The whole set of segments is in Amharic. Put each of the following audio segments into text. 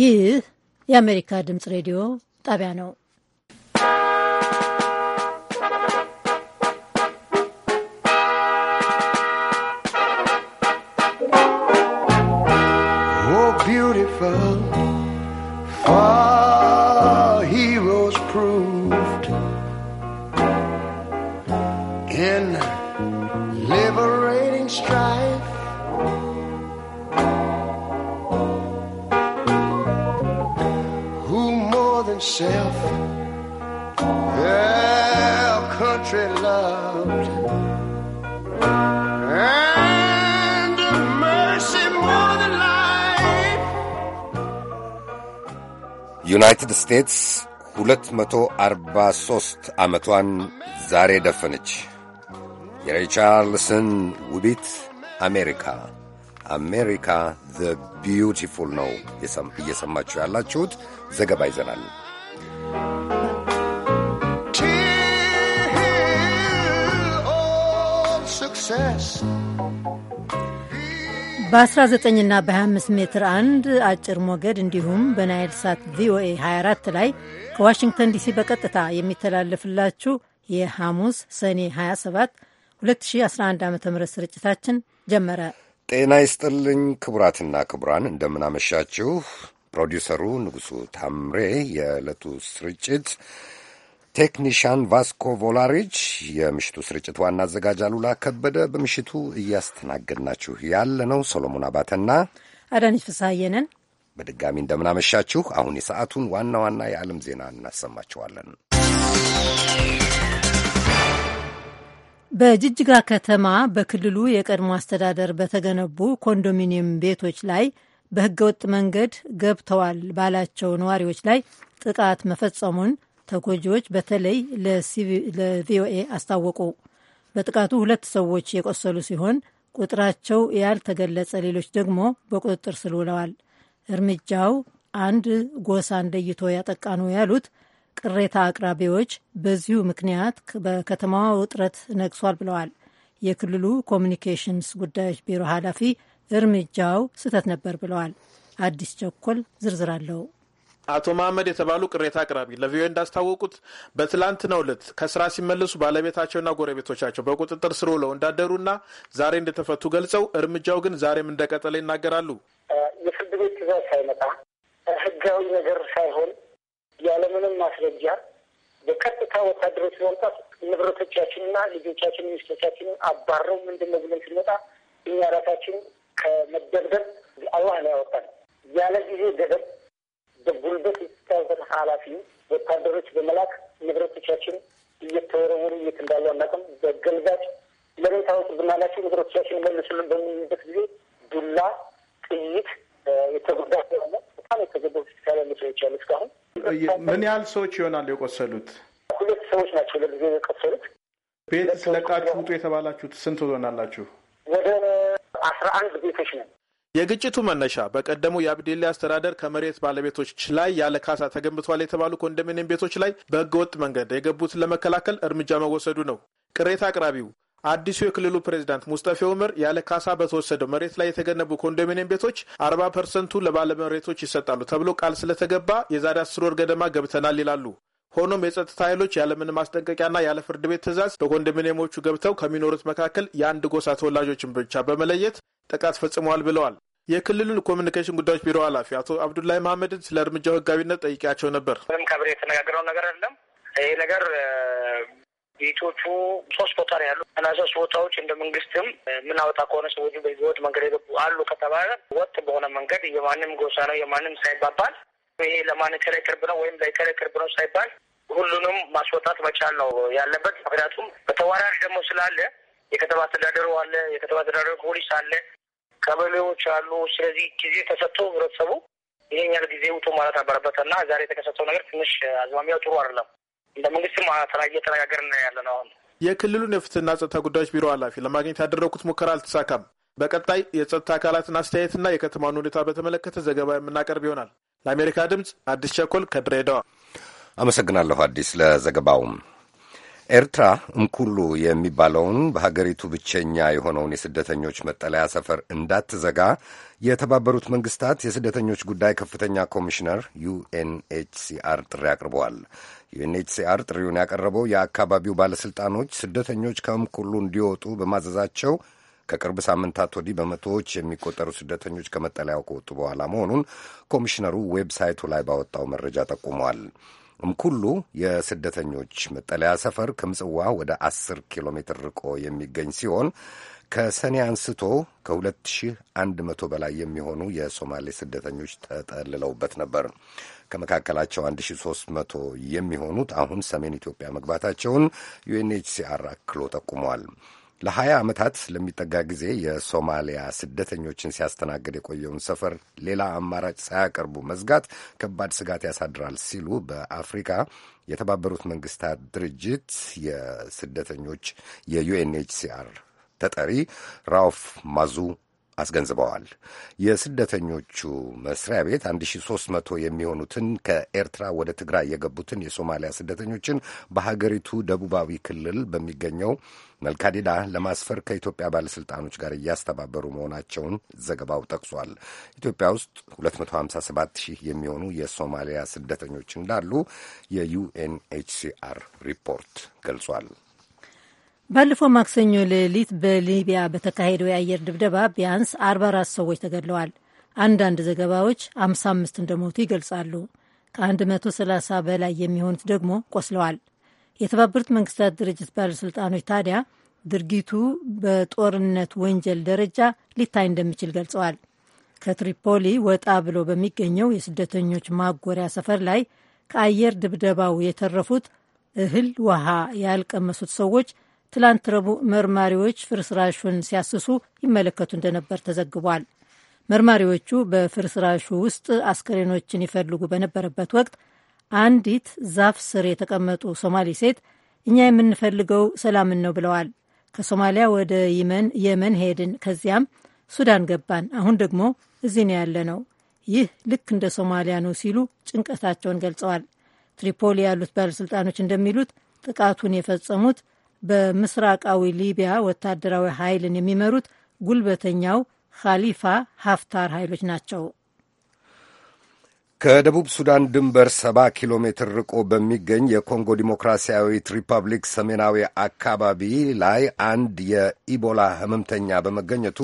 ይህ የአሜሪካ ድምፅ ሬዲዮ ጣቢያ ነው። Oh, beautiful. ዩናይትድ ስቴትስ 243 ዓመቷን ዛሬ ደፈነች። የሪቻርልስን ውቢት አሜሪካ አሜሪካ ዘ ቢዩቲፉል ነው እየሰማችሁ ያላችሁት። ዘገባ ይዘናል። Till all success በ19 ና በ25 ሜትር አንድ አጭር ሞገድ እንዲሁም በናይል ሳት ቪኦኤ 24 ላይ ከዋሽንግተን ዲሲ በቀጥታ የሚተላለፍላችሁ የሐሙስ ሰኔ 27 2011 ዓ ም ስርጭታችን ጀመረ። ጤና ይስጥልኝ ክቡራትና ክቡራን፣ እንደምናመሻችሁ። ፕሮዲውሰሩ ንጉሡ ታምሬ የዕለቱ ስርጭት ቴክኒሽያን ቫስኮ ቮላሪች፣ የምሽቱ ስርጭት ዋና አዘጋጅ አሉላ ከበደ፣ በምሽቱ እያስተናገድናችሁ ያለነው ሶሎሞን አባተና አዳነች ፍሳየንን በድጋሚ እንደምናመሻችሁ። አሁን የሰዓቱን ዋና ዋና የዓለም ዜና እናሰማችኋለን። በጅጅጋ ከተማ በክልሉ የቀድሞ አስተዳደር በተገነቡ ኮንዶሚኒየም ቤቶች ላይ በህገወጥ መንገድ ገብተዋል ባላቸው ነዋሪዎች ላይ ጥቃት መፈጸሙን ተጎጂዎች በተለይ ለቪኦኤ አስታወቁ። በጥቃቱ ሁለት ሰዎች የቆሰሉ ሲሆን ቁጥራቸው ያልተገለጸ ሌሎች ደግሞ በቁጥጥር ስር ውለዋል። እርምጃው አንድ ጎሳን ለይቶ ያጠቃ ነው ያሉት ቅሬታ አቅራቢዎች በዚሁ ምክንያት በከተማዋ ውጥረት ነግሷል ብለዋል። የክልሉ ኮሚኒኬሽንስ ጉዳዮች ቢሮ ኃላፊ እርምጃው ስህተት ነበር ብለዋል። አዲስ ቸኮል ዝርዝር አለው። አቶ መሀመድ የተባሉ ቅሬታ አቅራቢ ለቪኦኤ እንዳስታወቁት በትላንትናው ዕለት ከስራ ሲመለሱ ባለቤታቸውና ጎረቤቶቻቸው በቁጥጥር ስር ውለው እንዳደሩና ዛሬ እንደተፈቱ ገልጸው እርምጃው ግን ዛሬም እንደቀጠለ ይናገራሉ። የፍርድ ቤት ትዕዛዝ ሳይመጣ ህጋዊ ነገር ሳይሆን ያለምንም ማስረጃ በቀጥታ ወታደሮች መምጣት ንብረቶቻችንና ልጆቻችን ሚስቶቻችን አባረው ምንድን ነው ብለን ስንመጣ እኛ ራሳችን ከመደብደብ አላህ ነው ያወጣል ያለ ጊዜ ገደብ በጉልበት የተያዘን ኃላፊ ወታደሮች በመላክ ንብረቶቻችን እየተወረወሩ የት እንዳሉ አናውቅም። በገልጋጭ መሬት ብናላቸው ንብረቶቻችን መልሱልን በምንበት ጊዜ ዱላ፣ ጥይት የተጎዳ አለ። በጣም የተጎዳ ሆስፒታል ያሉ ሰዎች አሉ። እስካሁን ምን ያህል ሰዎች ይሆናሉ የቆሰሉት? ሁለት ሰዎች ናቸው ለጊዜ የቆሰሉት። ቤት ለቃችሁ ውጡ የተባላችሁት ስንት ሆናላችሁ? ወደ አስራ አንድ ቤቶች ነን የግጭቱ መነሻ በቀደሙ የአብዴሌ አስተዳደር ከመሬት ባለቤቶች ላይ ያለ ካሳ ተገንብቷል የተባሉ ኮንዶሚኒየም ቤቶች ላይ በህገወጥ መንገድ የገቡትን ለመከላከል እርምጃ መወሰዱ ነው። ቅሬታ አቅራቢው አዲሱ የክልሉ ፕሬዚዳንት ሙስጠፌ ኡመር ያለ ካሳ በተወሰደው መሬት ላይ የተገነቡ ኮንዶሚኒየም ቤቶች አርባ ፐርሰንቱ ለባለመሬቶች ይሰጣሉ ተብሎ ቃል ስለተገባ የዛሬ አስር ወር ገደማ ገብተናል ይላሉ። ሆኖም የጸጥታ ኃይሎች ያለምንም ማስጠንቀቂያና ያለ ፍርድ ቤት ትዕዛዝ በኮንዶሚኒየሞቹ ገብተው ከሚኖሩት መካከል የአንድ ጎሳ ተወላጆችን ብቻ በመለየት ጥቃት ፈጽመዋል ብለዋል። የክልሉን ኮሚኒኬሽን ጉዳዮች ቢሮ ኃላፊ አቶ አብዱላይ መሀመድን ስለ እርምጃው ህጋዊነት ጠይቄያቸው ነበር። ምንም ከብር የተነጋገረው ነገር አይደለም። ይህ ነገር ቤቶቹ ሶስት ቦታ ነው ያሉ እና ሶስት ቦታዎች እንደ መንግስትም የምናወጣ ከሆነ ሰዎች በህገወጥ መንገድ የገቡ አሉ ከተባለ ወጥ በሆነ መንገድ የማንም ጎሳ ነው የማንም ሳይባባል ይሄ ለማን ከላይ ቅርብ ነው ወይም ላይ ከላይ ቅርብ ነው ሳይባል ሁሉንም ማስወጣት መቻል ነው ያለበት። ምክንያቱም በተዋራሪ ደግሞ ስላለ የከተማ አስተዳደሩ አለ፣ የከተማ አስተዳደሩ ፖሊስ አለ፣ ቀበሌዎች አሉ። ስለዚህ ጊዜ ተሰጥቶ ህብረተሰቡ ይሄኛል ጊዜ ውቶ ማለት ነበረበት እና ዛሬ የተከሰተው ነገር ትንሽ አዝማሚያው ጥሩ አይደለም። እንደ መንግስትም እየተነጋገርን ያለ ነው። አሁን የክልሉን የፍትህና ጸጥታ ጉዳዮች ቢሮ ኃላፊ ለማግኘት ያደረጉት ሙከራ አልተሳካም። በቀጣይ የጸጥታ አካላትን አስተያየትና የከተማን ሁኔታ በተመለከተ ዘገባ የምናቀርብ ይሆናል። ለአሜሪካ ድምፅ አዲስ ቸኮል ከድሬዳዋ አመሰግናለሁ። አዲስ ለዘገባውም ኤርትራ እንኩሉ የሚባለውን በሀገሪቱ ብቸኛ የሆነውን የስደተኞች መጠለያ ሰፈር እንዳትዘጋ የተባበሩት መንግስታት የስደተኞች ጉዳይ ከፍተኛ ኮሚሽነር ዩኤንኤችሲአር ጥሪ አቅርበዋል። ዩኤንኤችሲአር ጥሪውን ያቀረበው የአካባቢው ባለሥልጣኖች ስደተኞች ከእምኩሉ እንዲወጡ በማዘዛቸው ከቅርብ ሳምንታት ወዲህ በመቶዎች የሚቆጠሩ ስደተኞች ከመጠለያው ከወጡ በኋላ መሆኑን ኮሚሽነሩ ዌብሳይቱ ላይ ባወጣው መረጃ ጠቁመዋል። እምኩሉ የስደተኞች መጠለያ ሰፈር ከምጽዋ ወደ 10 ኪሎ ሜትር ርቆ የሚገኝ ሲሆን ከሰኔ አንስቶ ከ2100 በላይ የሚሆኑ የሶማሌ ስደተኞች ተጠልለውበት ነበር። ከመካከላቸው 1300 የሚሆኑት አሁን ሰሜን ኢትዮጵያ መግባታቸውን ዩኤንኤችሲአር አክሎ ጠቁሟል። ለሀያ ዓመታት ለሚጠጋ ጊዜ የሶማሊያ ስደተኞችን ሲያስተናግድ የቆየውን ሰፈር ሌላ አማራጭ ሳያቀርቡ መዝጋት ከባድ ስጋት ያሳድራል ሲሉ በአፍሪካ የተባበሩት መንግስታት ድርጅት የስደተኞች የዩኤንኤችሲአር ተጠሪ ራውፍ ማዙ አስገንዝበዋል። የስደተኞቹ መስሪያ ቤት 1300 የሚሆኑትን ከኤርትራ ወደ ትግራይ የገቡትን የሶማሊያ ስደተኞችን በሀገሪቱ ደቡባዊ ክልል በሚገኘው መልካዲዳ ለማስፈር ከኢትዮጵያ ባለሥልጣኖች ጋር እያስተባበሩ መሆናቸውን ዘገባው ጠቅሷል። ኢትዮጵያ ውስጥ 257 ሺህ የሚሆኑ የሶማሊያ ስደተኞች እንዳሉ የዩኤንኤችሲአር ሪፖርት ገልጿል። ባለፈው ማክሰኞ ሌሊት በሊቢያ በተካሄደው የአየር ድብደባ ቢያንስ 44 ሰዎች ተገድለዋል። አንዳንድ ዘገባዎች 55 እንደሞቱ ይገልጻሉ። ከ130 በላይ የሚሆኑት ደግሞ ቆስለዋል። የተባበሩት መንግስታት ድርጅት ባለሥልጣኖች ታዲያ ድርጊቱ በጦርነት ወንጀል ደረጃ ሊታይ እንደሚችል ገልጸዋል። ከትሪፖሊ ወጣ ብሎ በሚገኘው የስደተኞች ማጎሪያ ሰፈር ላይ ከአየር ድብደባው የተረፉት እህል ውሃ ያልቀመሱት ሰዎች ትላንት ረቡዕ መርማሪዎች ፍርስራሹን ሲያስሱ ይመለከቱ እንደነበር ተዘግቧል። መርማሪዎቹ በፍርስራሹ ውስጥ አስከሬኖችን ይፈልጉ በነበረበት ወቅት አንዲት ዛፍ ስር የተቀመጡ ሶማሊ ሴት እኛ የምንፈልገው ሰላምን ነው ብለዋል። ከሶማሊያ ወደ የመን የመን ሄድን፣ ከዚያም ሱዳን ገባን፣ አሁን ደግሞ እዚህ ነው ያለ ነው። ይህ ልክ እንደ ሶማሊያ ነው ሲሉ ጭንቀታቸውን ገልጸዋል። ትሪፖሊ ያሉት ባለሥልጣኖች እንደሚሉት ጥቃቱን የፈጸሙት በምስራቃዊ ሊቢያ ወታደራዊ ኃይልን የሚመሩት ጉልበተኛው ኻሊፋ ሀፍታር ኃይሎች ናቸው። ከደቡብ ሱዳን ድንበር ሰባ ኪሎ ሜትር ርቆ በሚገኝ የኮንጎ ዲሞክራሲያዊት ሪፐብሊክ ሰሜናዊ አካባቢ ላይ አንድ የኢቦላ ህመምተኛ በመገኘቱ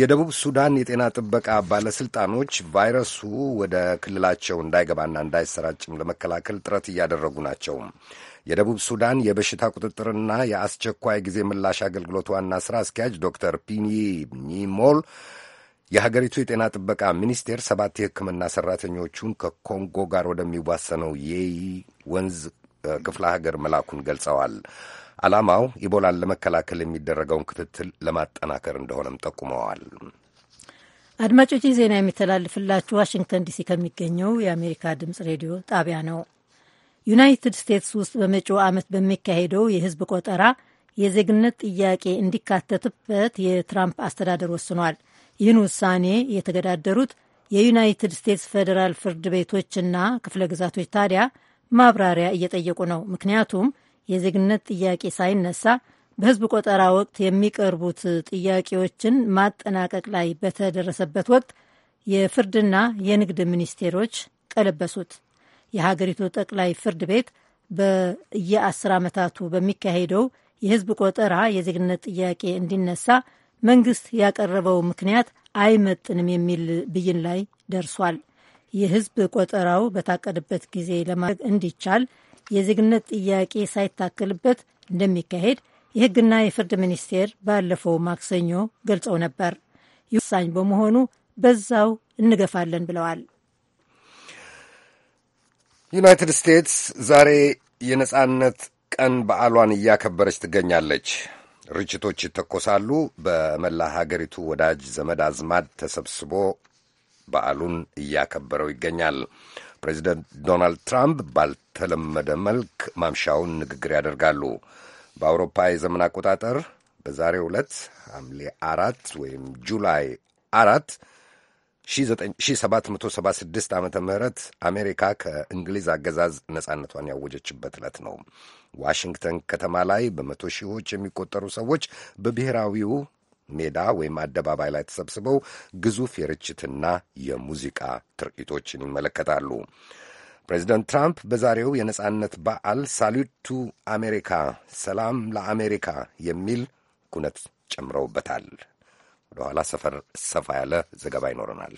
የደቡብ ሱዳን የጤና ጥበቃ ባለሥልጣኖች ቫይረሱ ወደ ክልላቸው እንዳይገባና እንዳይሰራጭም ለመከላከል ጥረት እያደረጉ ናቸው። የደቡብ ሱዳን የበሽታ ቁጥጥርና የአስቸኳይ ጊዜ ምላሽ አገልግሎት ዋና ሥራ አስኪያጅ ዶክተር ፒኒ ኒሞል የሀገሪቱ የጤና ጥበቃ ሚኒስቴር ሰባት የሕክምና ሠራተኞቹን ከኮንጎ ጋር ወደሚዋሰነው የይ ወንዝ ክፍለ ሀገር መላኩን ገልጸዋል። ዓላማው ኢቦላን ለመከላከል የሚደረገውን ክትትል ለማጠናከር እንደሆነም ጠቁመዋል። አድማጮች ዜና የሚተላልፍላችሁ ዋሽንግተን ዲሲ ከሚገኘው የአሜሪካ ድምፅ ሬዲዮ ጣቢያ ነው። ዩናይትድ ስቴትስ ውስጥ በመጪው ዓመት በሚካሄደው የህዝብ ቆጠራ የዜግነት ጥያቄ እንዲካተትበት የትራምፕ አስተዳደር ወስኗል። ይህን ውሳኔ የተገዳደሩት የዩናይትድ ስቴትስ ፌዴራል ፍርድ ቤቶችና ክፍለ ግዛቶች ታዲያ ማብራሪያ እየጠየቁ ነው። ምክንያቱም የዜግነት ጥያቄ ሳይነሳ በህዝብ ቆጠራ ወቅት የሚቀርቡት ጥያቄዎችን ማጠናቀቅ ላይ በተደረሰበት ወቅት የፍርድና የንግድ ሚኒስቴሮች ቀለበሱት። የሀገሪቱ ጠቅላይ ፍርድ ቤት በየአስር ዓመታቱ በሚካሄደው የህዝብ ቆጠራ የዜግነት ጥያቄ እንዲነሳ መንግስት ያቀረበው ምክንያት አይመጥንም የሚል ብይን ላይ ደርሷል። የህዝብ ቆጠራው በታቀደበት ጊዜ ለማድረግ እንዲቻል የዜግነት ጥያቄ ሳይታከልበት እንደሚካሄድ የህግና የፍርድ ሚኒስቴር ባለፈው ማክሰኞ ገልጸው ነበር። ይህ ወሳኝ በመሆኑ በዛው እንገፋለን ብለዋል። ዩናይትድ ስቴትስ ዛሬ የነጻነት ቀን በዓሏን እያከበረች ትገኛለች። ርችቶች ይተኮሳሉ። በመላ ሀገሪቱ ወዳጅ ዘመድ አዝማድ ተሰብስቦ በዓሉን እያከበረው ይገኛል። ፕሬዚደንት ዶናልድ ትራምፕ ባልተለመደ መልክ ማምሻውን ንግግር ያደርጋሉ። በአውሮፓ የዘመን አቆጣጠር በዛሬው ዕለት ሐምሌ አራት ወይም ጁላይ አራት 1776 ዓ ም አሜሪካ ከእንግሊዝ አገዛዝ ነጻነቷን ያወጀችበት ዕለት ነው። ዋሽንግተን ከተማ ላይ በመቶ ሺዎች የሚቆጠሩ ሰዎች በብሔራዊው ሜዳ ወይም አደባባይ ላይ ተሰብስበው ግዙፍ የርችትና የሙዚቃ ትርኢቶችን ይመለከታሉ። ፕሬዚደንት ትራምፕ በዛሬው የነጻነት በዓል ሳሉቱ አሜሪካ፣ ሰላም ለአሜሪካ የሚል ኩነት ጨምረውበታል። በኋላ ሰፈር ሰፋ ያለ ዘገባ ይኖረናል።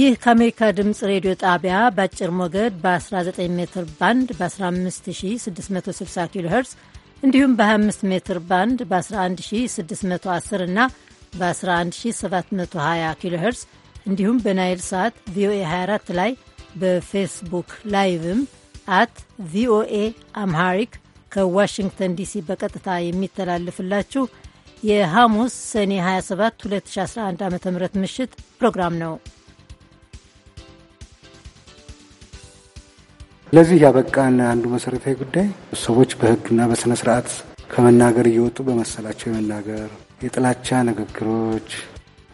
ይህ ከአሜሪካ ድምፅ ሬዲዮ ጣቢያ በአጭር ሞገድ በ19 ሜትር ባንድ በ15660 ኪሎ ሄርዝ እንዲሁም በ25 ሜትር ባንድ በ11610 እና በ11720 ኪሎ ሄርስ እንዲሁም በናይል ሰዓት ቪኦኤ 24 ላይ በፌስቡክ ላይቭም አት ቪኦኤ አምሃሪክ ከዋሽንግተን ዲሲ በቀጥታ የሚተላለፍላችሁ የሐሙስ ሰኔ 27 2011 ዓ ም ምሽት ፕሮግራም ነው። ለዚህ ያበቃን አንዱ መሰረታዊ ጉዳይ ሰዎች በህግና በስነ ስርዓት ከመናገር እየወጡ በመሰላቸው የመናገር የጥላቻ ንግግሮች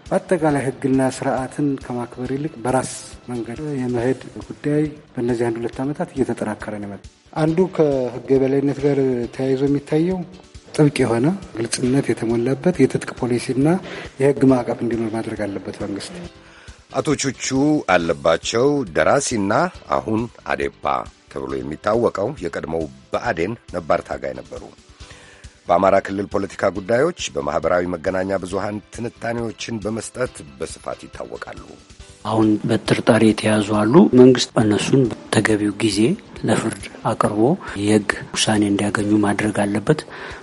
በአጠቃላይ ህግና ስርዓትን ከማክበር ይልቅ በራስ መንገድ የመሄድ ጉዳይ በእነዚህ አንድ ሁለት ዓመታት እየተጠናከረ ነው የመጣው። አንዱ ከህግ የበላይነት ጋር ተያይዞ የሚታየው ጥብቅ የሆነ ግልጽነት የተሞላበት የትጥቅ ፖሊሲና የህግ ማዕቀፍ እንዲኖር ማድረግ አለበት መንግስት። አቶ ቹቹ አለባቸው ደራሲና አሁን አዴፓ ተብሎ የሚታወቀው የቀድሞው በአዴን ነባር ታጋይ ነበሩ። በአማራ ክልል ፖለቲካ ጉዳዮች በማኅበራዊ መገናኛ ብዙሃን ትንታኔዎችን በመስጠት በስፋት ይታወቃሉ። አሁን በጥርጣሬ የተያዙ አሉ። መንግስት እነሱን በተገቢው ጊዜ ለፍርድ አቅርቦ የህግ ውሳኔ እንዲያገኙ ማድረግ አለበት።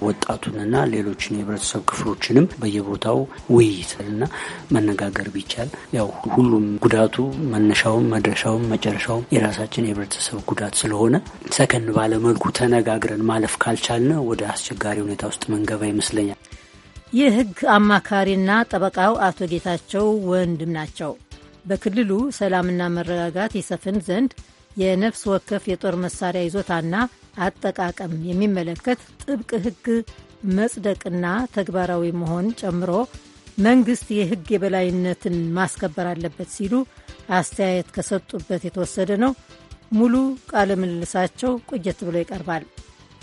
ወጣቱንና ሌሎችን የህብረተሰብ ክፍሎችንም በየቦታው ውይይትና መነጋገር ቢቻል ያው ሁሉም ጉዳቱ መነሻውም መድረሻውም መጨረሻውም የራሳችን የህብረተሰብ ጉዳት ስለሆነ ሰከን ባለመልኩ ተነጋግረን ማለፍ ካልቻልን ወደ አስቸጋሪ ሁኔታ ውስጥ መንገባ ይመስለኛል። የህግ አማካሪና ጠበቃው አቶ ጌታቸው ወንድም ናቸው። በክልሉ ሰላምና መረጋጋት ይሰፍን ዘንድ የነፍስ ወከፍ የጦር መሳሪያ ይዞታና አጠቃቀም የሚመለከት ጥብቅ ሕግ መጽደቅና ተግባራዊ መሆን ጨምሮ መንግስት የሕግ የበላይነትን ማስከበር አለበት ሲሉ አስተያየት ከሰጡበት የተወሰደ ነው። ሙሉ ቃለ ምልልሳቸው ቆየት ብሎ ይቀርባል።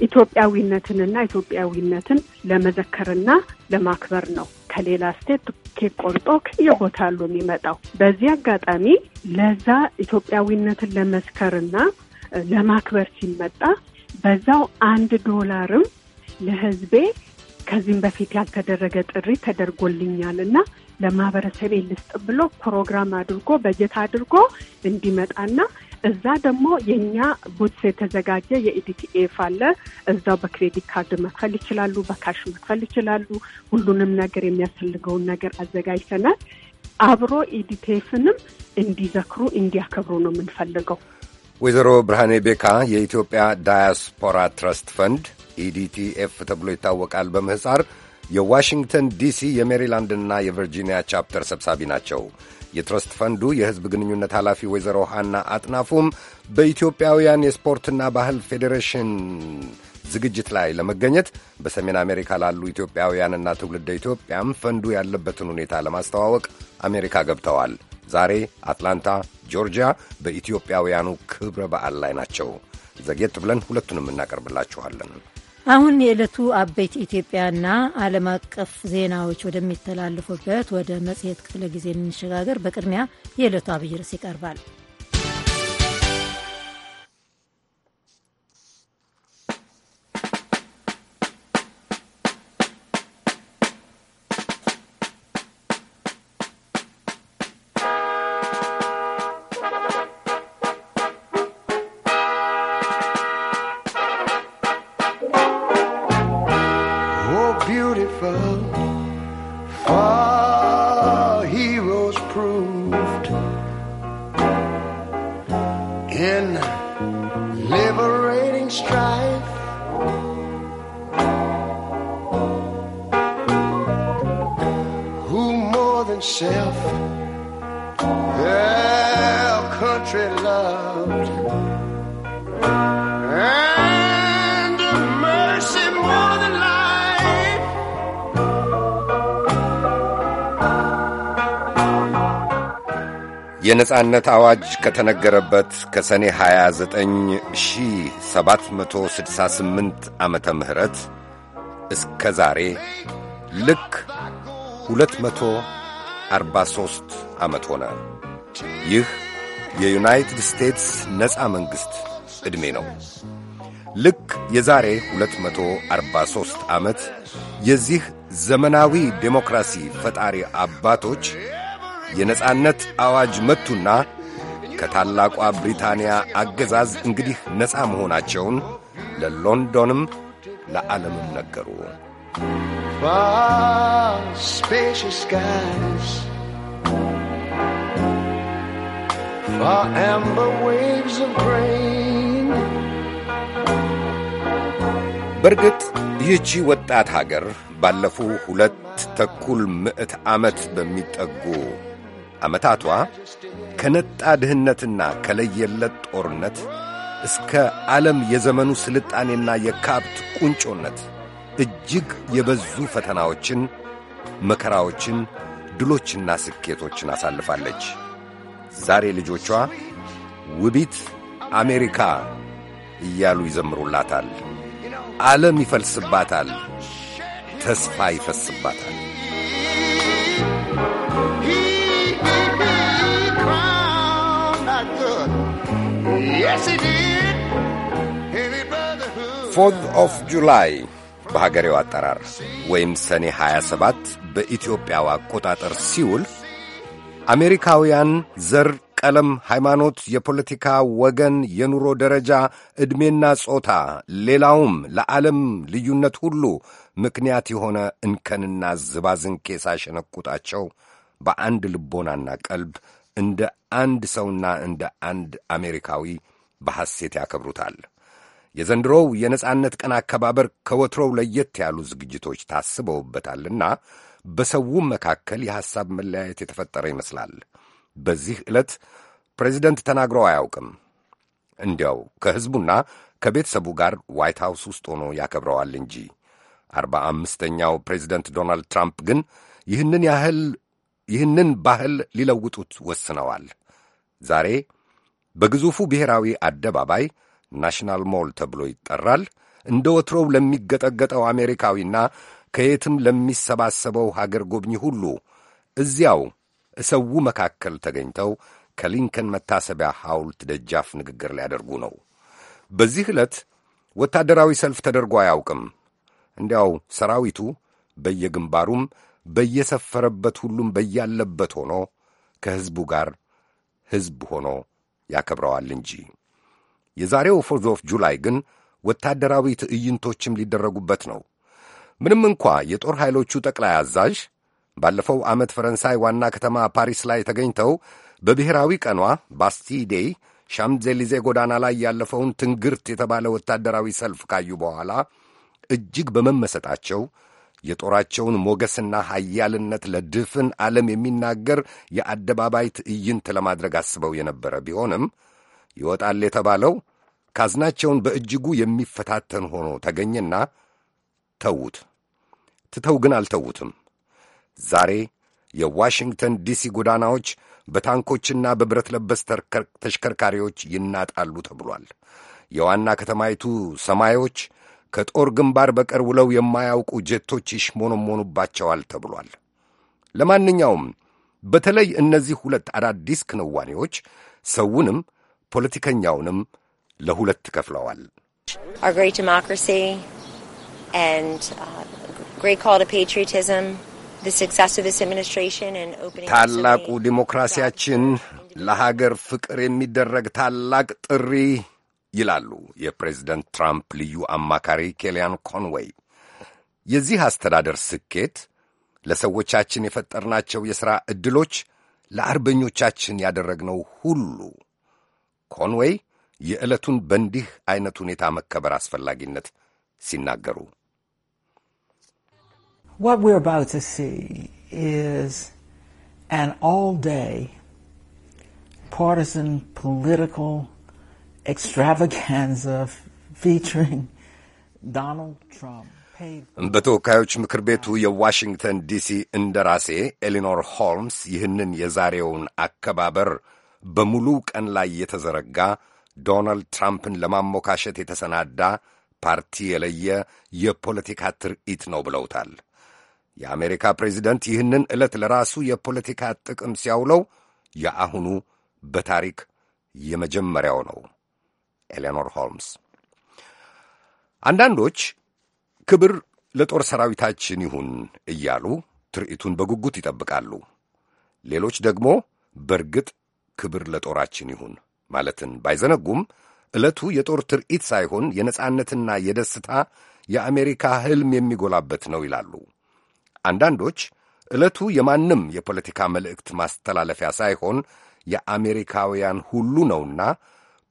ኢትዮጵያዊነትንና ኢትዮጵያዊነትን ለመዘከርና ለማክበር ነው። ከሌላ ስቴት ኬክ ቆርጦ ከየቦታ አሉ የሚመጣው። በዚህ አጋጣሚ ለዛ ኢትዮጵያዊነትን ለመዝከርና ለማክበር ሲመጣ በዛው አንድ ዶላርም ለህዝቤ ከዚህም በፊት ያልተደረገ ጥሪ ተደርጎልኛል እና ለማህበረሰቤ ልስጥ ብሎ ፕሮግራም አድርጎ በጀት አድርጎ እንዲመጣና እዛ ደግሞ የእኛ ጉድስ የተዘጋጀ የኢዲቲኤፍ አለ። እዛው በክሬዲት ካርድ መክፈል ይችላሉ፣ በካሽ መክፈል ይችላሉ። ሁሉንም ነገር የሚያስፈልገውን ነገር አዘጋጅተናል። አብሮ ኢዲቲኤፍንም እንዲዘክሩ እንዲያከብሩ ነው የምንፈልገው። ወይዘሮ ብርሃኔ ቤካ የኢትዮጵያ ዳያስፖራ ትረስት ፈንድ ኢዲቲኤፍ ተብሎ ይታወቃል በምህፃር የዋሽንግተን ዲሲ የሜሪላንድና የቨርጂኒያ ቻፕተር ሰብሳቢ ናቸው። የትረስት ፈንዱ የሕዝብ ግንኙነት ኃላፊ ወይዘሮ ሃና አጥናፉም በኢትዮጵያውያን የስፖርትና ባህል ፌዴሬሽን ዝግጅት ላይ ለመገኘት በሰሜን አሜሪካ ላሉ ኢትዮጵያውያንና ትውልደ ኢትዮጵያም ፈንዱ ያለበትን ሁኔታ ለማስተዋወቅ አሜሪካ ገብተዋል። ዛሬ አትላንታ ጆርጂያ በኢትዮጵያውያኑ ክብረ በዓል ላይ ናቸው። ዘግየት ብለን ሁለቱንም እናቀርብላችኋለን። አሁን የዕለቱ አበይት ኢትዮጵያና ዓለም አቀፍ ዜናዎች ወደሚተላለፉበት ወደ መጽሔት ክፍለ ጊዜ የምንሸጋገር፣ በቅድሚያ የዕለቱ አብይ ርዕስ ይቀርባል። የነጻነት አዋጅ ከተነገረበት ከሰኔ 29768 ዓ ምህረት እስከ ዛሬ ልክ 243 ዓመት ሆነ። ይህ የዩናይትድ ስቴትስ ነጻ መንግሥት ዕድሜ ነው። ልክ የዛሬ 243 ዓመት የዚህ ዘመናዊ ዴሞክራሲ ፈጣሪ አባቶች የነጻነት አዋጅ መቱና ከታላቋ ብሪታንያ አገዛዝ እንግዲህ ነፃ መሆናቸውን ለሎንዶንም ለዓለምም ነገሩ። በእርግጥ ይህቺ ወጣት ሀገር ባለፉ ሁለት ተኩል ምዕት ዓመት በሚጠጉ ዓመታቷ ከነጣ ድህነትና ከለየለት ጦርነት እስከ ዓለም የዘመኑ ስልጣኔና የካብት ቁንጮነት እጅግ የበዙ ፈተናዎችን፣ መከራዎችን፣ ድሎችና ስኬቶችን አሳልፋለች። ዛሬ ልጆቿ ውቢት አሜሪካ እያሉ ይዘምሩላታል። ዓለም ይፈልስባታል። ተስፋ ይፈስባታል። ፎርዝ ኦፍ ጁላይ በሀገሬው አጠራር ወይም ሰኔ 27 በኢትዮጵያው አቆጣጠር ሲውል አሜሪካውያን ዘር፣ ቀለም፣ ሃይማኖት፣ የፖለቲካ ወገን፣ የኑሮ ደረጃ፣ ዕድሜና ጾታ ሌላውም ለዓለም ልዩነት ሁሉ ምክንያት የሆነ እንከንና ዝባዝንኬ ሳሸነቁጣቸው በአንድ ልቦናና ቀልብ እንደ አንድ ሰውና እንደ አንድ አሜሪካዊ በሐሴት ያከብሩታል። የዘንድሮው የነጻነት ቀን አከባበር ከወትሮው ለየት ያሉ ዝግጅቶች ታስበውበታልና በሰውም መካከል የሐሳብ መለያየት የተፈጠረ ይመስላል። በዚህ ዕለት ፕሬዚደንት ተናግረው አያውቅም። እንዲያው ከሕዝቡና ከቤተሰቡ ጋር ዋይት ሃውስ ውስጥ ሆኖ ያከብረዋል እንጂ አርባ አምስተኛው ፕሬዚደንት ዶናልድ ትራምፕ ግን ይህንን ያህል ይህንን ባህል ሊለውጡት ወስነዋል። ዛሬ በግዙፉ ብሔራዊ አደባባይ ናሽናል ሞል ተብሎ ይጠራል። እንደ ወትሮው ለሚገጠገጠው አሜሪካዊና ከየትም ለሚሰባሰበው ሀገር ጎብኚ ሁሉ እዚያው እሰው መካከል ተገኝተው ከሊንከን መታሰቢያ ሐውልት ደጃፍ ንግግር ሊያደርጉ ነው። በዚህ ዕለት ወታደራዊ ሰልፍ ተደርጎ አያውቅም። እንዲያው ሰራዊቱ በየግንባሩም በየሰፈረበት ሁሉም በያለበት ሆኖ ከሕዝቡ ጋር ሕዝብ ሆኖ ያከብረዋል እንጂ። የዛሬው ፎርዝ ኦፍ ጁላይ ግን ወታደራዊ ትዕይንቶችም ሊደረጉበት ነው። ምንም እንኳ የጦር ኃይሎቹ ጠቅላይ አዛዥ ባለፈው ዓመት ፈረንሳይ ዋና ከተማ ፓሪስ ላይ ተገኝተው በብሔራዊ ቀኗ ባስቲዴይ ሻምዘሊዜ ጎዳና ላይ ያለፈውን ትንግርት የተባለ ወታደራዊ ሰልፍ ካዩ በኋላ እጅግ በመመሰጣቸው የጦራቸውን ሞገስና ኃያልነት ለድፍን ዓለም የሚናገር የአደባባይ ትዕይንት ለማድረግ አስበው የነበረ ቢሆንም ይወጣል የተባለው ካዝናቸውን በእጅጉ የሚፈታተን ሆኖ ተገኘና ተዉት። ትተው ግን አልተዉትም። ዛሬ የዋሽንግተን ዲሲ ጎዳናዎች በታንኮችና በብረት ለበስ ተሽከርካሪዎች ይናጣሉ ተብሏል። የዋና ከተማይቱ ሰማዮች ከጦር ግንባር በቀር ውለው የማያውቁ ጀቶች ይሽሞኖሞኑባቸዋል ተብሏል። ለማንኛውም በተለይ እነዚህ ሁለት አዳዲስ ክንዋኔዎች ሰውንም ፖለቲከኛውንም ለሁለት ከፍለዋል። uh, ታላቁ ዲሞክራሲያችን፣ ለሀገር ፍቅር የሚደረግ ታላቅ ጥሪ ይላሉ የፕሬዝደንት ትራምፕ ልዩ አማካሪ ኬልያን ኮንዌይ። የዚህ አስተዳደር ስኬት ለሰዎቻችን የፈጠርናቸው የሥራ ዕድሎች፣ ለአርበኞቻችን ያደረግነው ሁሉ። ኮንዌይ የዕለቱን በእንዲህ ዐይነት ሁኔታ መከበር አስፈላጊነት ሲናገሩ What we're about to see is an all-day partisan political በተወካዮች ምክር ቤቱ የዋሽንግተን ዲሲ እንደራሴ ኤሊኖር ሆልምስ ይህንን የዛሬውን አከባበር በሙሉ ቀን ላይ የተዘረጋ ዶናልድ ትራምፕን ለማሞካሸት የተሰናዳ ፓርቲ የለየ የፖለቲካ ትርኢት ነው ብለውታል። የአሜሪካ ፕሬዚደንት ይህንን ዕለት ለራሱ የፖለቲካ ጥቅም ሲያውለው የአሁኑ በታሪክ የመጀመሪያው ነው። ኤሌኖር ሆልምስ። አንዳንዶች ክብር ለጦር ሰራዊታችን ይሁን እያሉ ትርኢቱን በጉጉት ይጠብቃሉ። ሌሎች ደግሞ በእርግጥ ክብር ለጦራችን ይሁን ማለትን ባይዘነጉም ዕለቱ የጦር ትርኢት ሳይሆን የነጻነትና የደስታ የአሜሪካ ሕልም የሚጎላበት ነው ይላሉ። አንዳንዶች ዕለቱ የማንም የፖለቲካ መልእክት ማስተላለፊያ ሳይሆን የአሜሪካውያን ሁሉ ነውና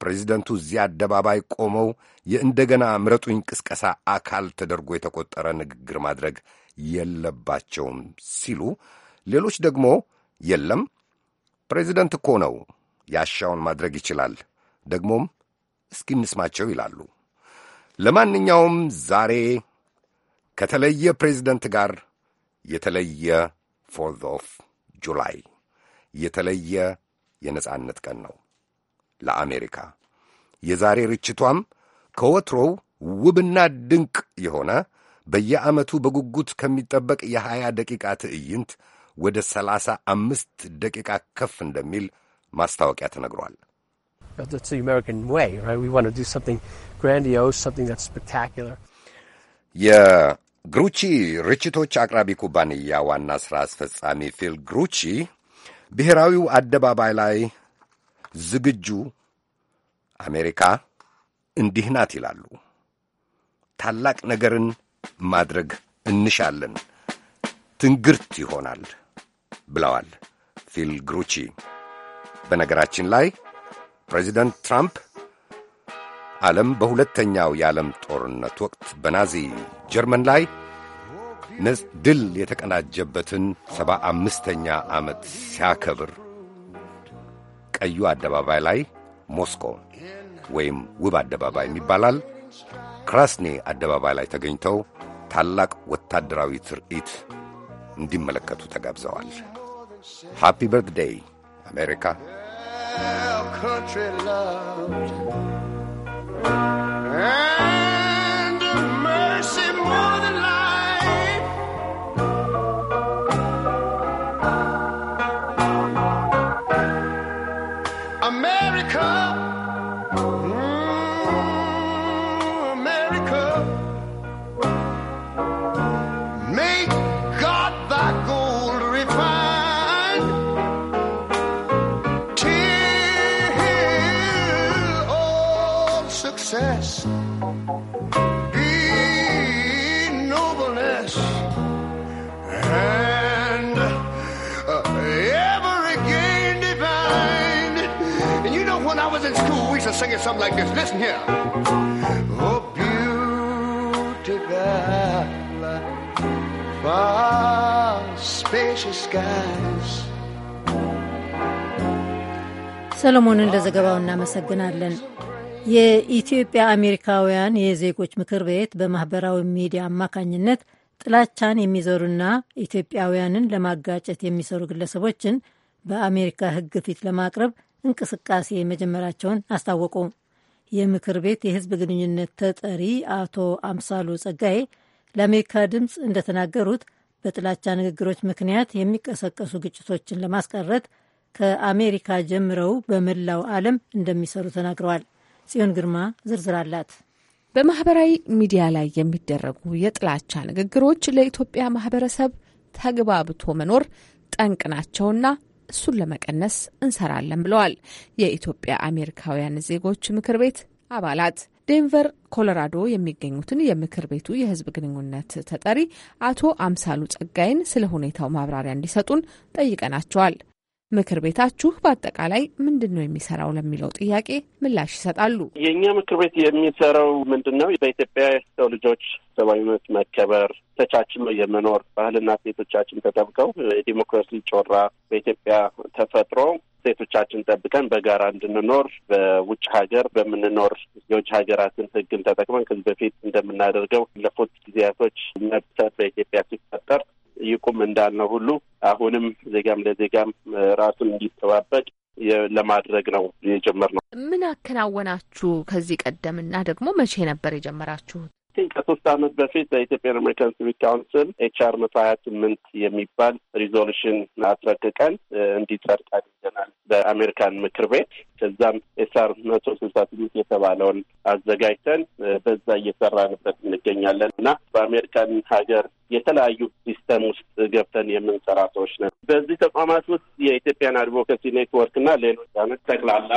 ፕሬዚደንቱ እዚያ አደባባይ ቆመው የእንደገና ምረጡኝ ቅስቀሳ አካል ተደርጎ የተቆጠረ ንግግር ማድረግ የለባቸውም ሲሉ፣ ሌሎች ደግሞ የለም ፕሬዚደንት እኮ ነው ያሻውን ማድረግ ይችላል፣ ደግሞም እስኪ እንስማቸው ይላሉ። ለማንኛውም ዛሬ ከተለየ ፕሬዚደንት ጋር የተለየ ፎርዝ ኦፍ ጁላይ የተለየ የነጻነት ቀን ነው። ለአሜሪካ የዛሬ ርችቷም ከወትሮው ውብና ድንቅ የሆነ በየዓመቱ በጉጉት ከሚጠበቅ የሀያ ደቂቃ ትዕይንት ወደ ሰላሳ አምስት ደቂቃ ከፍ እንደሚል ማስታወቂያ ተነግሯል። የግሩቺ ርችቶች አቅራቢ ኩባንያ ዋና ሥራ አስፈጻሚ ፊል ግሩቺ ብሔራዊው አደባባይ ላይ ዝግጁ አሜሪካ እንዲህ ናት ይላሉ። ታላቅ ነገርን ማድረግ እንሻለን፣ ትንግርት ይሆናል ብለዋል ፊል ግሩቺ። በነገራችን ላይ ፕሬዚደንት ትራምፕ ዓለም በሁለተኛው የዓለም ጦርነት ወቅት በናዚ ጀርመን ላይ ድል የተቀናጀበትን ሰባ አምስተኛ ዓመት ሲያከብር ቀዩ አደባባይ ላይ ሞስኮ ወይም ውብ አደባባይ ይባላል ክራስኔ አደባባይ ላይ ተገኝተው ታላቅ ወታደራዊ ትርኢት እንዲመለከቱ ተጋብዘዋል። ሃፒ በርትደይ አሜሪካ። Country love. to sing it something like this. Listen here. Oh, beautiful, far spacious skies. ሰለሞንን ለዘገባው እናመሰግናለን። የኢትዮጵያ አሜሪካውያን የዜጎች ምክር ቤት በማህበራዊ ሚዲያ አማካኝነት ጥላቻን የሚዘሩና ኢትዮጵያውያንን ለማጋጨት የሚሰሩ ግለሰቦችን በአሜሪካ ሕግ ፊት ለማቅረብ እንቅስቃሴ መጀመራቸውን አስታወቁ። የምክር ቤት የህዝብ ግንኙነት ተጠሪ አቶ አምሳሉ ጸጋዬ ለአሜሪካ ድምፅ እንደተናገሩት በጥላቻ ንግግሮች ምክንያት የሚቀሰቀሱ ግጭቶችን ለማስቀረት ከአሜሪካ ጀምረው በመላው ዓለም እንደሚሰሩ ተናግረዋል። ጽዮን ግርማ ዝርዝር አላት። በማህበራዊ ሚዲያ ላይ የሚደረጉ የጥላቻ ንግግሮች ለኢትዮጵያ ማህበረሰብ ተግባብቶ መኖር ጠንቅ ናቸውና እሱን ለመቀነስ እንሰራለን ብለዋል የኢትዮጵያ አሜሪካውያን ዜጎች ምክር ቤት አባላት። ዴንቨር ኮሎራዶ የሚገኙትን የምክር ቤቱ የህዝብ ግንኙነት ተጠሪ አቶ አምሳሉ ጸጋይን ስለ ሁኔታው ማብራሪያ እንዲሰጡን ጠይቀናቸዋል። ምክር ቤታችሁ በአጠቃላይ ምንድን ነው የሚሰራው ለሚለው ጥያቄ ምላሽ ይሰጣሉ። የእኛ ምክር ቤት የሚሰራው ምንድን ነው? በኢትዮጵያ ሰው ልጆች ሰብአዊ መብት መከበር፣ ተቻችሎ የመኖር ባህልና ሴቶቻችን ተጠብቀው የዲሞክራሲ ጮራ በኢትዮጵያ ተፈጥሮ ሴቶቻችን ጠብቀን በጋራ እንድንኖር በውጭ ሀገር በምንኖር የውጭ ሀገራትን ሕግን ተጠቅመን ከዚህ በፊት እንደምናደርገው ለፉት ጊዜያቶች መብሰት በኢትዮጵያ ሲፈጠር ይቁም እንዳልነው ሁሉ አሁንም ዜጋም ለዜጋም ራሱን እንዲጠባበቅ ለማድረግ ነው የጀመርነው። ምን አከናወናችሁ ከዚህ ቀደምና ደግሞ መቼ ነበር የጀመራችሁት? ከሶስት ዓመት በፊት በኢትዮጵያ አሜሪካን ሲቪክ ካውንስል ኤች አር መቶ ሀያ ስምንት የሚባል ሪዞሉሽን አስረቅቀን እንዲጸድቅ አድርገናል በአሜሪካን ምክር ቤት። ከዛም ኤች አር መቶ ስልሳ ስምንት የተባለውን አዘጋጅተን በዛ እየሰራንበት እንገኛለን እና በአሜሪካን ሀገር የተለያዩ ሲስተም ውስጥ ገብተን የምንሰራ ሰዎች ነን። በዚህ ተቋማት ውስጥ የኢትዮጵያን አድቮካሲ ኔትወርክ እና ሌሎች አመት ጠቅላላ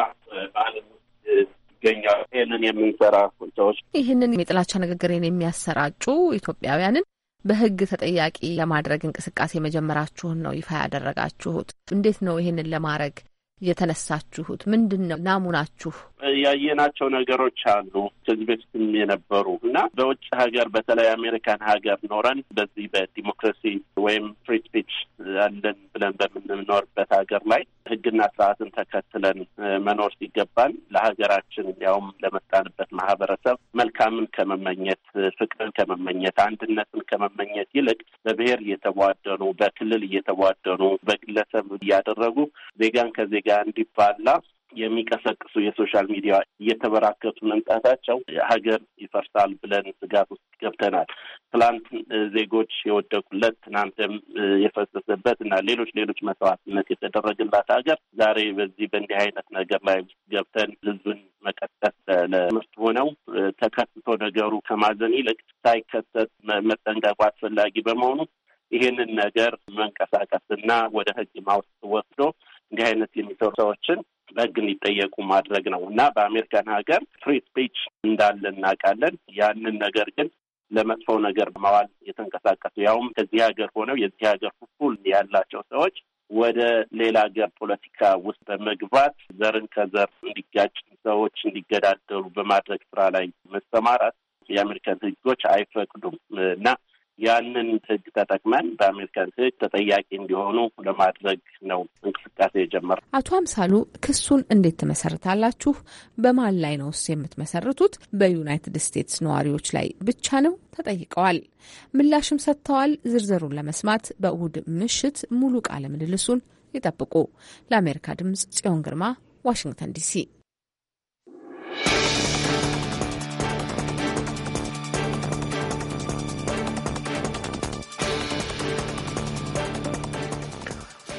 በአለም ውስጥ ይገኛሉ። ይህንን የምንሰራ ሰዎች ይህንን የጥላቻ ንግግርን የሚያሰራጩ ኢትዮጵያውያንን በህግ ተጠያቂ ለማድረግ እንቅስቃሴ መጀመራችሁን ነው ይፋ ያደረጋችሁት። እንዴት ነው ይህንን ለማድረግ የተነሳችሁት? ምንድን ነው ናሙናችሁ? ያየናቸው ነገሮች አሉ ከዚህ በፊትም የነበሩ እና በውጭ ሀገር በተለይ አሜሪካን ሀገር ኖረን በዚህ በዲሞክራሲ ወይም ፍሪ ስፒች አለን ብለን በምንኖርበት ሀገር ላይ ሕግና ስርዓትን ተከትለን መኖር ሲገባን ለሀገራችን እንዲያውም ለመጣንበት ማህበረሰብ መልካምን ከመመኘት፣ ፍቅርን ከመመኘት፣ አንድነትን ከመመኘት ይልቅ በብሔር እየተቧደኑ በክልል እየተቧደኑ በግለሰብ እያደረጉ ዜጋን ከዜጋ እንዲባላ የሚቀሰቅሱ የሶሻል ሚዲያ እየተበራከቱ መምጣታቸው ሀገር ይፈርሳል ብለን ስጋት ውስጥ ገብተናል። ትላንት ዜጎች የወደቁለት ትናንትም የፈሰሰበት እና ሌሎች ሌሎች መስዋዕትነት የተደረገላት ሀገር ዛሬ በዚህ በእንዲህ አይነት ነገር ላይ ገብተን ህዝብን መቀጠስ ለምርት ሆነው ተከስቶ ነገሩ ከማዘን ይልቅ ሳይከሰት መጠንቀቁ አስፈላጊ በመሆኑ ይህንን ነገር መንቀሳቀስና ወደ ህግ ማውስጥ ወስዶ እንዲህ አይነት የሚሰሩ ሰዎችን በህግ እንዲጠየቁ ማድረግ ነው እና በአሜሪካን ሀገር ፍሪ ስፒች እንዳለ እናውቃለን። ያንን ነገር ግን ለመጥፎው ነገር ማዋል የተንቀሳቀሱ ያውም ከዚህ ሀገር ሆነው የዚህ ሀገር ፉል ያላቸው ሰዎች ወደ ሌላ ሀገር ፖለቲካ ውስጥ በመግባት ዘርን ከዘር እንዲጋጭ፣ ሰዎች እንዲገዳደሩ በማድረግ ስራ ላይ መሰማራት የአሜሪካን ህጎች አይፈቅዱም እና ያንን ህግ ተጠቅመን በአሜሪካን ህግ ተጠያቂ እንዲሆኑ ለማድረግ ነው እንቅስቃሴ የጀመረው። አቶ አምሳሉ ክሱን እንዴት ትመሰርታላችሁ? በማን ላይ ነውስ የምትመሰርቱት? በዩናይትድ ስቴትስ ነዋሪዎች ላይ ብቻ ነው? ተጠይቀዋል። ምላሽም ሰጥተዋል። ዝርዝሩን ለመስማት በእሁድ ምሽት ሙሉ ቃለ ምልልሱን ይጠብቁ። ለአሜሪካ ድምጽ ጽዮን ግርማ ዋሽንግተን ዲሲ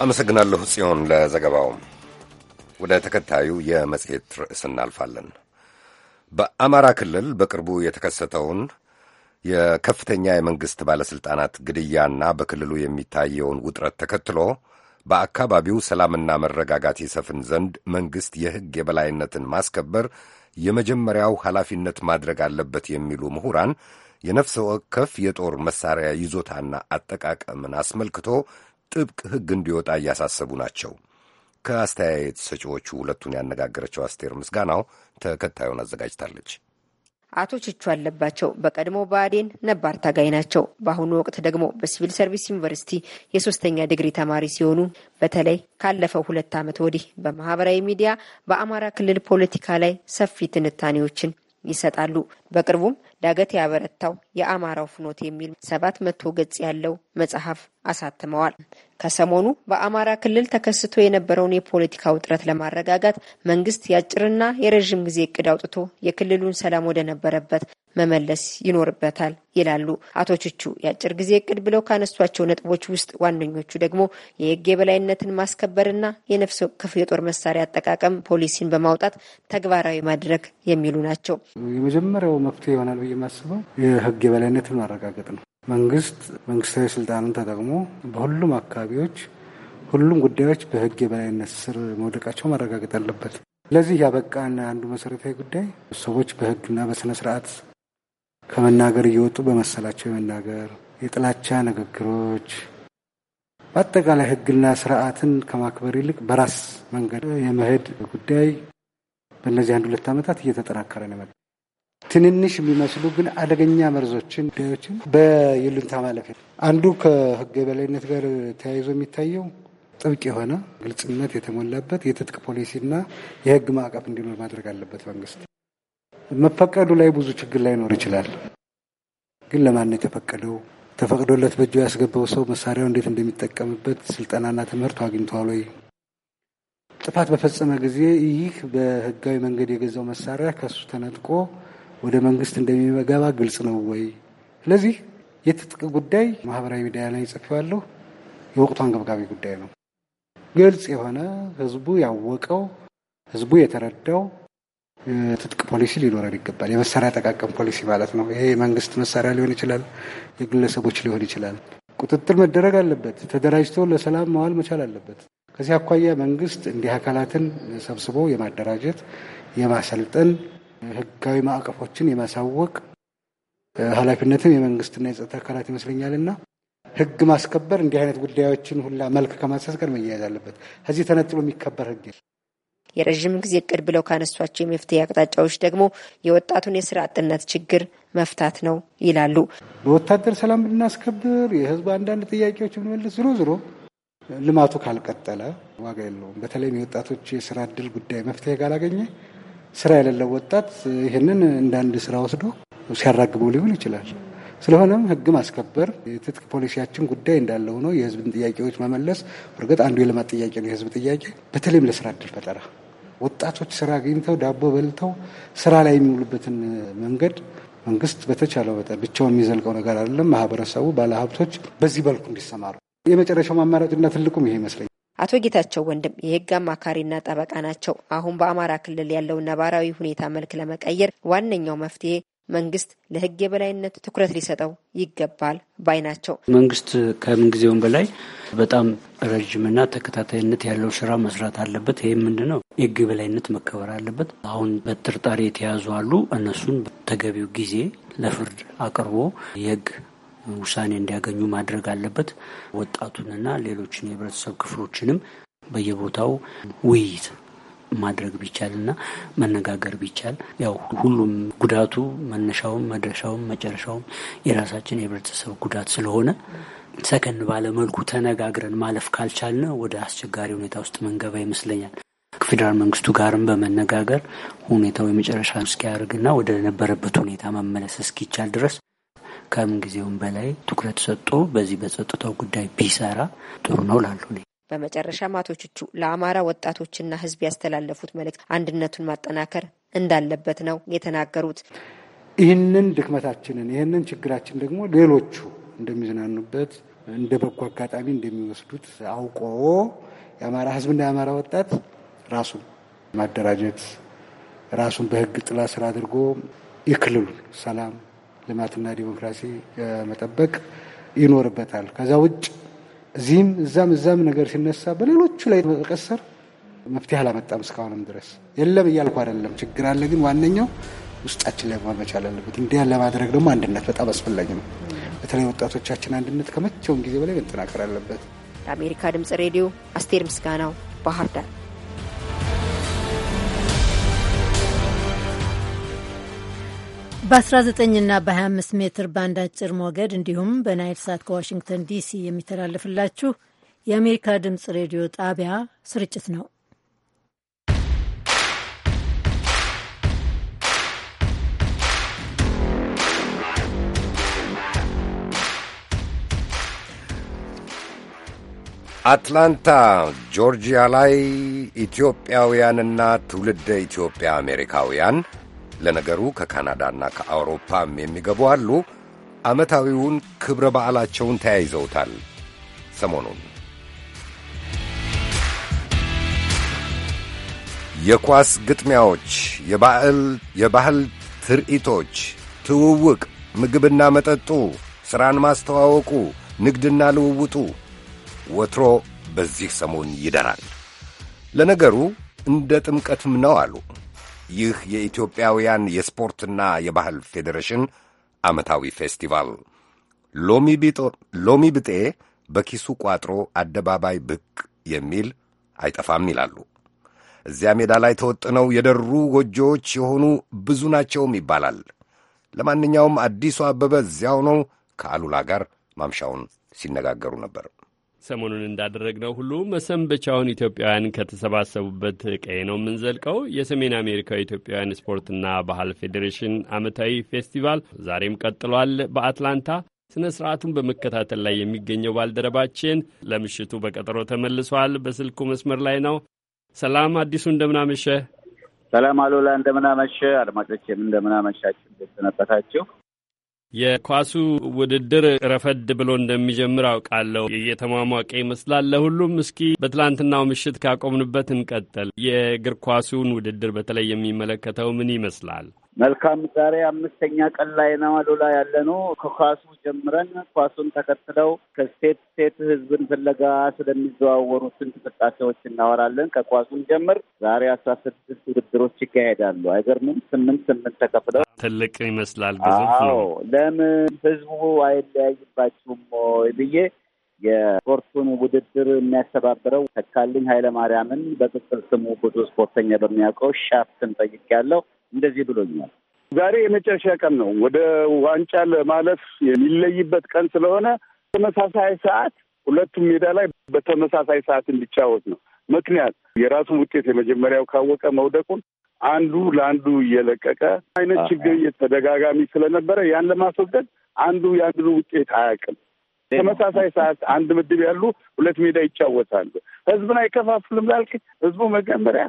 አመሰግናለሁ ጽዮን ለዘገባው። ወደ ተከታዩ የመጽሔት ርዕስ እናልፋለን። በአማራ ክልል በቅርቡ የተከሰተውን የከፍተኛ የመንግሥት ባለሥልጣናት ግድያና በክልሉ የሚታየውን ውጥረት ተከትሎ በአካባቢው ሰላምና መረጋጋት ይሰፍን ዘንድ መንግሥት የሕግ የበላይነትን ማስከበር የመጀመሪያው ኃላፊነት ማድረግ አለበት የሚሉ ምሁራን የነፍስ ወከፍ የጦር መሣሪያ ይዞታና አጠቃቀምን አስመልክቶ ጥብቅ ሕግ እንዲወጣ እያሳሰቡ ናቸው። ከአስተያየት ሰጪዎቹ ሁለቱን ያነጋገረችው አስቴር ምስጋናው ተከታዩን አዘጋጅታለች። አቶ ችቹ አለባቸው በቀድሞ ብአዴን ነባር ታጋይ ናቸው። በአሁኑ ወቅት ደግሞ በሲቪል ሰርቪስ ዩኒቨርሲቲ የሶስተኛ ዲግሪ ተማሪ ሲሆኑ በተለይ ካለፈው ሁለት ዓመት ወዲህ በማህበራዊ ሚዲያ በአማራ ክልል ፖለቲካ ላይ ሰፊ ትንታኔዎችን ይሰጣሉ። በቅርቡም ዳገት ያበረታው የአማራው ፍኖት የሚል ሰባት መቶ ገጽ ያለው መጽሐፍ አሳትመዋል። ከሰሞኑ በአማራ ክልል ተከስቶ የነበረውን የፖለቲካ ውጥረት ለማረጋጋት መንግስት የአጭርና የረዥም ጊዜ እቅድ አውጥቶ የክልሉን ሰላም ወደ ነበረበት መመለስ ይኖርበታል ይላሉ አቶ ቹቹ። የአጭር ጊዜ እቅድ ብለው ካነሷቸው ነጥቦች ውስጥ ዋነኞቹ ደግሞ የህግ የበላይነትን ማስከበርና የነፍስ ወከፍ የጦር መሳሪያ አጠቃቀም ፖሊሲን በማውጣት ተግባራዊ ማድረግ የሚሉ ናቸው። የመጀመሪያው መፍትሄ ይሆናል ብዬ የማስበው የህግ የበላይነትን ማረጋገጥ ነው። መንግስት መንግስታዊ ስልጣንን ተጠቅሞ በሁሉም አካባቢዎች ሁሉም ጉዳዮች በህግ የበላይነት ስር መውደቃቸው ማረጋገጥ አለበት። ለዚህ ያበቃን አንዱ መሰረታዊ ጉዳይ ሰዎች በህግና በስነ ስርዓት ከመናገር እየወጡ በመሰላቸው የመናገር የጥላቻ ንግግሮች፣ በአጠቃላይ ሕግና ስርዓትን ከማክበር ይልቅ በራስ መንገድ የመሄድ ጉዳይ በእነዚህ አንድ ሁለት ዓመታት እየተጠናከረ ነው የመጣው። ትንንሽ የሚመስሉ ግን አደገኛ መርዞችን ጉዳዮችን በይሉንታ ማለፍ አንዱ ከህግ የበላይነት ጋር ተያይዞ የሚታየው ጥብቅ የሆነ ግልጽነት የተሞላበት የትጥቅ ፖሊሲና የህግ ማዕቀፍ እንዲኖር ማድረግ አለበት መንግስት። መፈቀዱ ላይ ብዙ ችግር ላይኖር ይችላል። ግን ለማን ነው የተፈቀደው? ተፈቅዶለት በእጁ ያስገባው ሰው መሳሪያው እንዴት እንደሚጠቀምበት ስልጠናና ትምህርቱ አግኝቷል ወይ? ጥፋት በፈጸመ ጊዜ ይህ በህጋዊ መንገድ የገዛው መሳሪያ ከሱ ተነጥቆ ወደ መንግስት እንደሚገባ ግልጽ ነው ወይ? ስለዚህ የትጥቅ ጉዳይ ማህበራዊ ሚዲያ ላይ ጽፌዋለሁ። የወቅቱ አንገብጋቢ ጉዳይ ነው። ግልጽ የሆነ ህዝቡ ያወቀው ህዝቡ የተረዳው ትጥቅ ፖሊሲ ሊኖረን ይገባል። የመሳሪያ አጠቃቀም ፖሊሲ ማለት ነው። ይሄ የመንግስት መሳሪያ ሊሆን ይችላል፣ የግለሰቦች ሊሆን ይችላል። ቁጥጥር መደረግ አለበት። ተደራጅቶ ለሰላም መዋል መቻል አለበት። ከዚህ አኳያ መንግስት እንዲህ አካላትን ሰብስቦ የማደራጀት የማሰልጠን ህጋዊ ማዕቀፎችን የማሳወቅ ኃላፊነትም የመንግስትና የጸጥታ አካላት ይመስለኛልና ህግ ማስከበር እንዲህ አይነት ጉዳዮችን ሁላ መልክ ከማሰስቀር መያያዝ አለበት። ከዚህ ተነጥሎ የሚከበር ህግ የረዥም ጊዜ እቅድ ብለው ካነሷቸው የመፍትሄ አቅጣጫዎች ደግሞ የወጣቱን የስራ አጥነት ችግር መፍታት ነው ይላሉ። በወታደር ሰላም ብናስከብር፣ የህዝብ አንዳንድ ጥያቄዎች ብንመልስ፣ ዝሮ ዝሮ ልማቱ ካልቀጠለ ዋጋ የለውም። በተለይም የወጣቶች የስራ እድል ጉዳይ መፍትሄ ካላገኘ ስራ የሌለው ወጣት ይህንን እንደ አንድ ስራ ወስዶ ሲያራግበው ሊሆን ይችላል። ስለሆነም ህግ ማስከበር የትጥቅ ፖሊሲያችን ጉዳይ እንዳለ ሆኖ የህዝብን ጥያቄዎች መመለስ እርግጥ አንዱ የልማት ጥያቄ ነው፣ የህዝብ ጥያቄ በተለይም ለስራ እድል ፈጠራ ወጣቶች ስራ አግኝተው ዳቦ በልተው ስራ ላይ የሚውሉበትን መንገድ መንግስት በተቻለው መጠን ብቻው የሚዘልቀው ነገር አይደለም። ማህበረሰቡ፣ ባለሀብቶች በዚህ በልኩ እንዲሰማሩ የመጨረሻው ማማራጭና ትልቁም ይሄ ይመስለኛል። አቶ ጌታቸው ወንድም የህግ አማካሪና ጠበቃ ናቸው። አሁን በአማራ ክልል ያለውን ነባራዊ ሁኔታ መልክ ለመቀየር ዋነኛው መፍትሄ መንግስት ለህግ የበላይነት ትኩረት ሊሰጠው ይገባል ባይ ናቸው። መንግስት ከምን ጊዜውም በላይ በጣም ረዥምና ተከታታይነት ያለው ስራ መስራት አለበት። ይህ ምንድን ነው? የህግ የበላይነት መከበር አለበት። አሁን በጥርጣሬ የተያዙ አሉ። እነሱን በተገቢው ጊዜ ለፍርድ አቅርቦ የህግ ውሳኔ እንዲያገኙ ማድረግ አለበት። ወጣቱንና ሌሎችን የህብረተሰብ ክፍሎችንም በየቦታው ውይይት ማድረግ ቢቻልና መነጋገር ቢቻል ያው ሁሉም ጉዳቱ መነሻውም መድረሻውም መጨረሻውም የራሳችን የህብረተሰብ ጉዳት ስለሆነ ሰከን ባለመልኩ ተነጋግረን ማለፍ ካልቻልን ወደ አስቸጋሪ ሁኔታ ውስጥ መንገባ ይመስለኛል። ከፌዴራል መንግስቱ ጋርም በመነጋገር ሁኔታው የመጨረሻ እስኪያደርግና ወደ ነበረበት ሁኔታ መመለስ እስኪቻል ድረስ ከምን ጊዜውም በላይ ትኩረት ሰጥቶ በዚህ በጸጥታው ጉዳይ ቢሰራ ጥሩ ነው ላሉ በመጨረሻም አቶ ለአማራ ወጣቶችና ህዝብ ያስተላለፉት መልእክት አንድነቱን ማጠናከር እንዳለበት ነው የተናገሩት። ይህንን ድክመታችንን ይህንን ችግራችን ደግሞ ሌሎቹ እንደሚዝናኑበት እንደ በጎ አጋጣሚ እንደሚወስዱት አውቆ የአማራ ህዝብና የአማራ ወጣት ራሱን ማደራጀት ራሱን በህግ ጥላ ስራ አድርጎ የክልሉን ሰላም ልማትና ዲሞክራሲ መጠበቅ ይኖርበታል። ከዛ ውጭ እዚህም እዛም እዛም ነገር ሲነሳ በሌሎቹ ላይ መቀሰር መፍትሄ አላመጣም። እስካሁንም ድረስ የለም እያልኩ አይደለም። ችግር አለ፣ ግን ዋነኛው ውስጣችን ላይ መቻል አለበት። እንዲያን ለማድረግ ደግሞ አንድነት በጣም አስፈላጊ ነው። በተለይ ወጣቶቻችን አንድነት ከመቼውም ጊዜ በላይ መጠናከር አለበት። ለአሜሪካ ድምጽ ሬዲዮ አስቴር ምስጋናው ባህር ዳር በ19ና በ25 ሜትር ባንድ አጭር ሞገድ እንዲሁም በናይል ሳት ከዋሽንግተን ዲሲ የሚተላለፍላችሁ የአሜሪካ ድምፅ ሬዲዮ ጣቢያ ስርጭት ነው። አትላንታ ጆርጂያ ላይ ኢትዮጵያውያንና ትውልደ ኢትዮጵያ አሜሪካውያን ለነገሩ ከካናዳና ከአውሮፓም የሚገቡ አሉ። ዓመታዊውን ክብረ በዓላቸውን ተያይዘውታል። ሰሞኑን የኳስ ግጥሚያዎች፣ የባህል ትርኢቶች፣ ትውውቅ፣ ምግብና መጠጡ፣ ሥራን ማስተዋወቁ፣ ንግድና ልውውጡ ወትሮ በዚህ ሰሞን ይደራል። ለነገሩ እንደ ጥምቀትም ነው አሉ ይህ የኢትዮጵያውያን የስፖርትና የባህል ፌዴሬሽን ዓመታዊ ፌስቲቫል ሎሚ ብጤ በኪሱ ቋጥሮ አደባባይ ብቅ የሚል አይጠፋም ይላሉ። እዚያ ሜዳ ላይ ተወጥነው የደሩ ጎጆዎች የሆኑ ብዙ ናቸውም ይባላል። ለማንኛውም አዲሱ አበበ እዚያው ነው ከአሉላ ጋር ማምሻውን ሲነጋገሩ ነበር። ሰሞኑን እንዳደረግነው ሁሉ መሰንበቻውን ኢትዮጵያውያን ከተሰባሰቡበት ቀይ ነው የምንዘልቀው። የሰሜን አሜሪካ ኢትዮጵያውያን ስፖርትና ባህል ፌዴሬሽን ዓመታዊ ፌስቲቫል ዛሬም ቀጥሏል በአትላንታ። ስነ ስርዓቱን በመከታተል ላይ የሚገኘው ባልደረባችን ለምሽቱ በቀጠሮ ተመልሷል። በስልኩ መስመር ላይ ነው። ሰላም አዲሱ፣ እንደምናመሸ። ሰላም አሉላ፣ እንደምናመሸ። አድማጮች እንደምናመሻችሁ፣ እንደሰነበታችሁ። የኳሱ ውድድር ረፈድ ብሎ እንደሚጀምር አውቃለሁ። እየተሟሟቀ ይመስላል ለሁሉም። እስኪ በትላንትናው ምሽት ካቆምንበት እንቀጥል። የእግር ኳሱን ውድድር በተለይ የሚመለከተው ምን ይመስላል? መልካም ዛሬ አምስተኛ ቀን ላይ ነው አሉላ ያለ ነው። ከኳሱ ጀምረን ኳሱን ተከትለው ከስቴት ስቴት ህዝብን ፍለጋ ስለሚዘዋወሩት እንቅስቃሴዎች እናወራለን። ከኳሱን ጀምር ዛሬ አስራ ስድስት ውድድሮች ይካሄዳሉ። አይገርምም? ስምንት ስምንት ተከፍለው ትልቅ ይመስላል። ብዙ ለምን ህዝቡ አይለያይባችሁም ብዬ የስፖርቱን ውድድር የሚያስተባብረው ተካልኝ ኃይለማርያምን በቅጽል ስሙ ብዙ ስፖርተኛ በሚያውቀው ሻፍትን ጠይቄያለሁ። እንደዚህ ብሎኛል። ዛሬ የመጨረሻ ቀን ነው። ወደ ዋንጫ ለማለፍ የሚለይበት ቀን ስለሆነ ተመሳሳይ ሰዓት ሁለቱም ሜዳ ላይ በተመሳሳይ ሰዓት እንዲጫወት ነው። ምክንያት የራሱን ውጤት የመጀመሪያው ካወቀ መውደቁን አንዱ ለአንዱ እየለቀቀ አይነት ችግር ተደጋጋሚ ስለነበረ ያን ለማስወገድ አንዱ የአንዱ ውጤት አያውቅም። ተመሳሳይ ሰዓት አንድ ምድብ ያሉ ሁለት ሜዳ ይጫወታሉ። ህዝብን አይከፋፍልም ላልክ ህዝቡ መጀመሪያ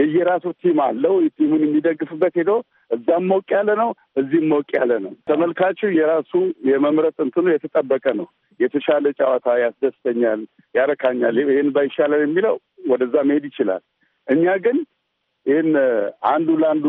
የየራሱ ቲም አለው። ቲሙን የሚደግፍበት ሄዶ እዛም ሞቅ ያለ ነው፣ እዚህም ሞቅ ያለ ነው። ተመልካቹ የራሱ የመምረጥ እንትኑ የተጠበቀ ነው። የተሻለ ጨዋታ ያስደስተኛል፣ ያረካኛል፣ ይህን ባይሻለን የሚለው ወደዛ መሄድ ይችላል። እኛ ግን ይህን አንዱ ለአንዱ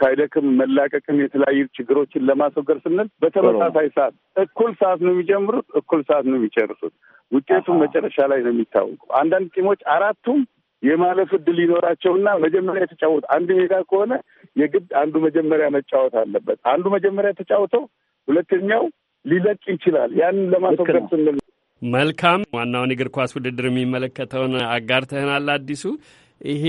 ሳይደክም መላቀቅም የተለያዩ ችግሮችን ለማስወገድ ስንል በተመሳሳይ ሰዓት እኩል ሰዓት ነው የሚጀምሩት፣ እኩል ሰዓት ነው የሚጨርሱት። ውጤቱን መጨረሻ ላይ ነው የሚታወቁ። አንዳንድ ቲሞች አራቱም የማለፍ እድል ሊኖራቸውና መጀመሪያ የተጫወቱ አንድ ሜዳ ከሆነ የግድ አንዱ መጀመሪያ መጫወት አለበት። አንዱ መጀመሪያ የተጫወተው ሁለተኛው ሊለቅ ይችላል። ያንን ለማስወገድ ስንል መልካም ዋናውን የእግር ኳስ ውድድር የሚመለከተውን አጋርተህናል አዲሱ ይሄ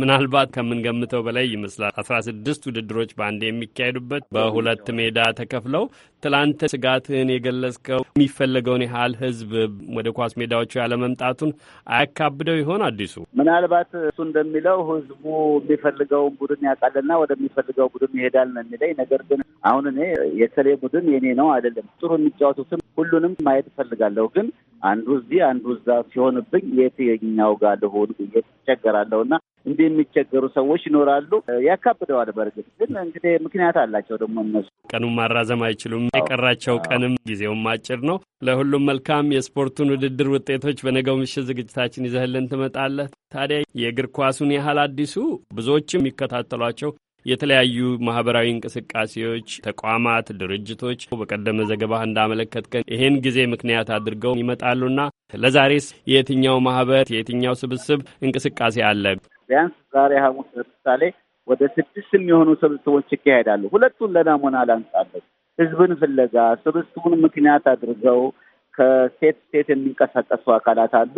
ምናልባት ከምንገምተው በላይ ይመስላል። አስራ ስድስት ውድድሮች በአንድ የሚካሄዱበት በሁለት ሜዳ ተከፍለው ትላንት ስጋትህን የገለጽከው የሚፈለገውን ያህል ሕዝብ ወደ ኳስ ሜዳዎቹ ያለመምጣቱን አያካብደው ይሆን? አዲሱ ምናልባት እሱ እንደሚለው ሕዝቡ የሚፈልገውን ቡድን ያውቃልና ወደሚፈልገው ቡድን ይሄዳል ነው የሚለኝ። ነገር ግን አሁን እኔ የሰሌ ቡድን የኔ ነው አይደለም ጥሩ የሚጫወቱትም ሁሉንም ማየት እፈልጋለሁ ግን አንዱ እዚህ አንዱ እዛ ሲሆንብኝ የትኛው ጋር ልሆን ብዬ ትቸገራለሁ እና እንዲህ የሚቸገሩ ሰዎች ይኖራሉ። ያካብደዋል። በእርግጥ ግን እንግዲህ ምክንያት አላቸው ደግሞ እነሱ ቀኑን ማራዘም አይችሉም። የቀራቸው ቀንም ጊዜውም አጭር ነው። ለሁሉም መልካም የስፖርቱን ውድድር ውጤቶች በነገው ምሽት ዝግጅታችን ይዘህልን ትመጣለህ። ታዲያ የእግር ኳሱን ያህል አዲሱ ብዙዎችም የሚከታተሏቸው የተለያዩ ማህበራዊ እንቅስቃሴዎች፣ ተቋማት፣ ድርጅቶች በቀደመ ዘገባ እንዳመለከትከን ይህን ጊዜ ምክንያት አድርገው ይመጣሉና ለዛሬስ የትኛው ማህበር የትኛው ስብስብ እንቅስቃሴ አለ? ቢያንስ ዛሬ ሐሙስ ለምሳሌ ወደ ስድስት የሚሆኑ ስብስቦች ይካሄዳሉ። ሁለቱን ለናሙና ላንሳለሁ። ህዝብን ፍለጋ ስብስቡን ምክንያት አድርገው ከሴት ሴት የሚንቀሳቀሱ አካላት አሉ።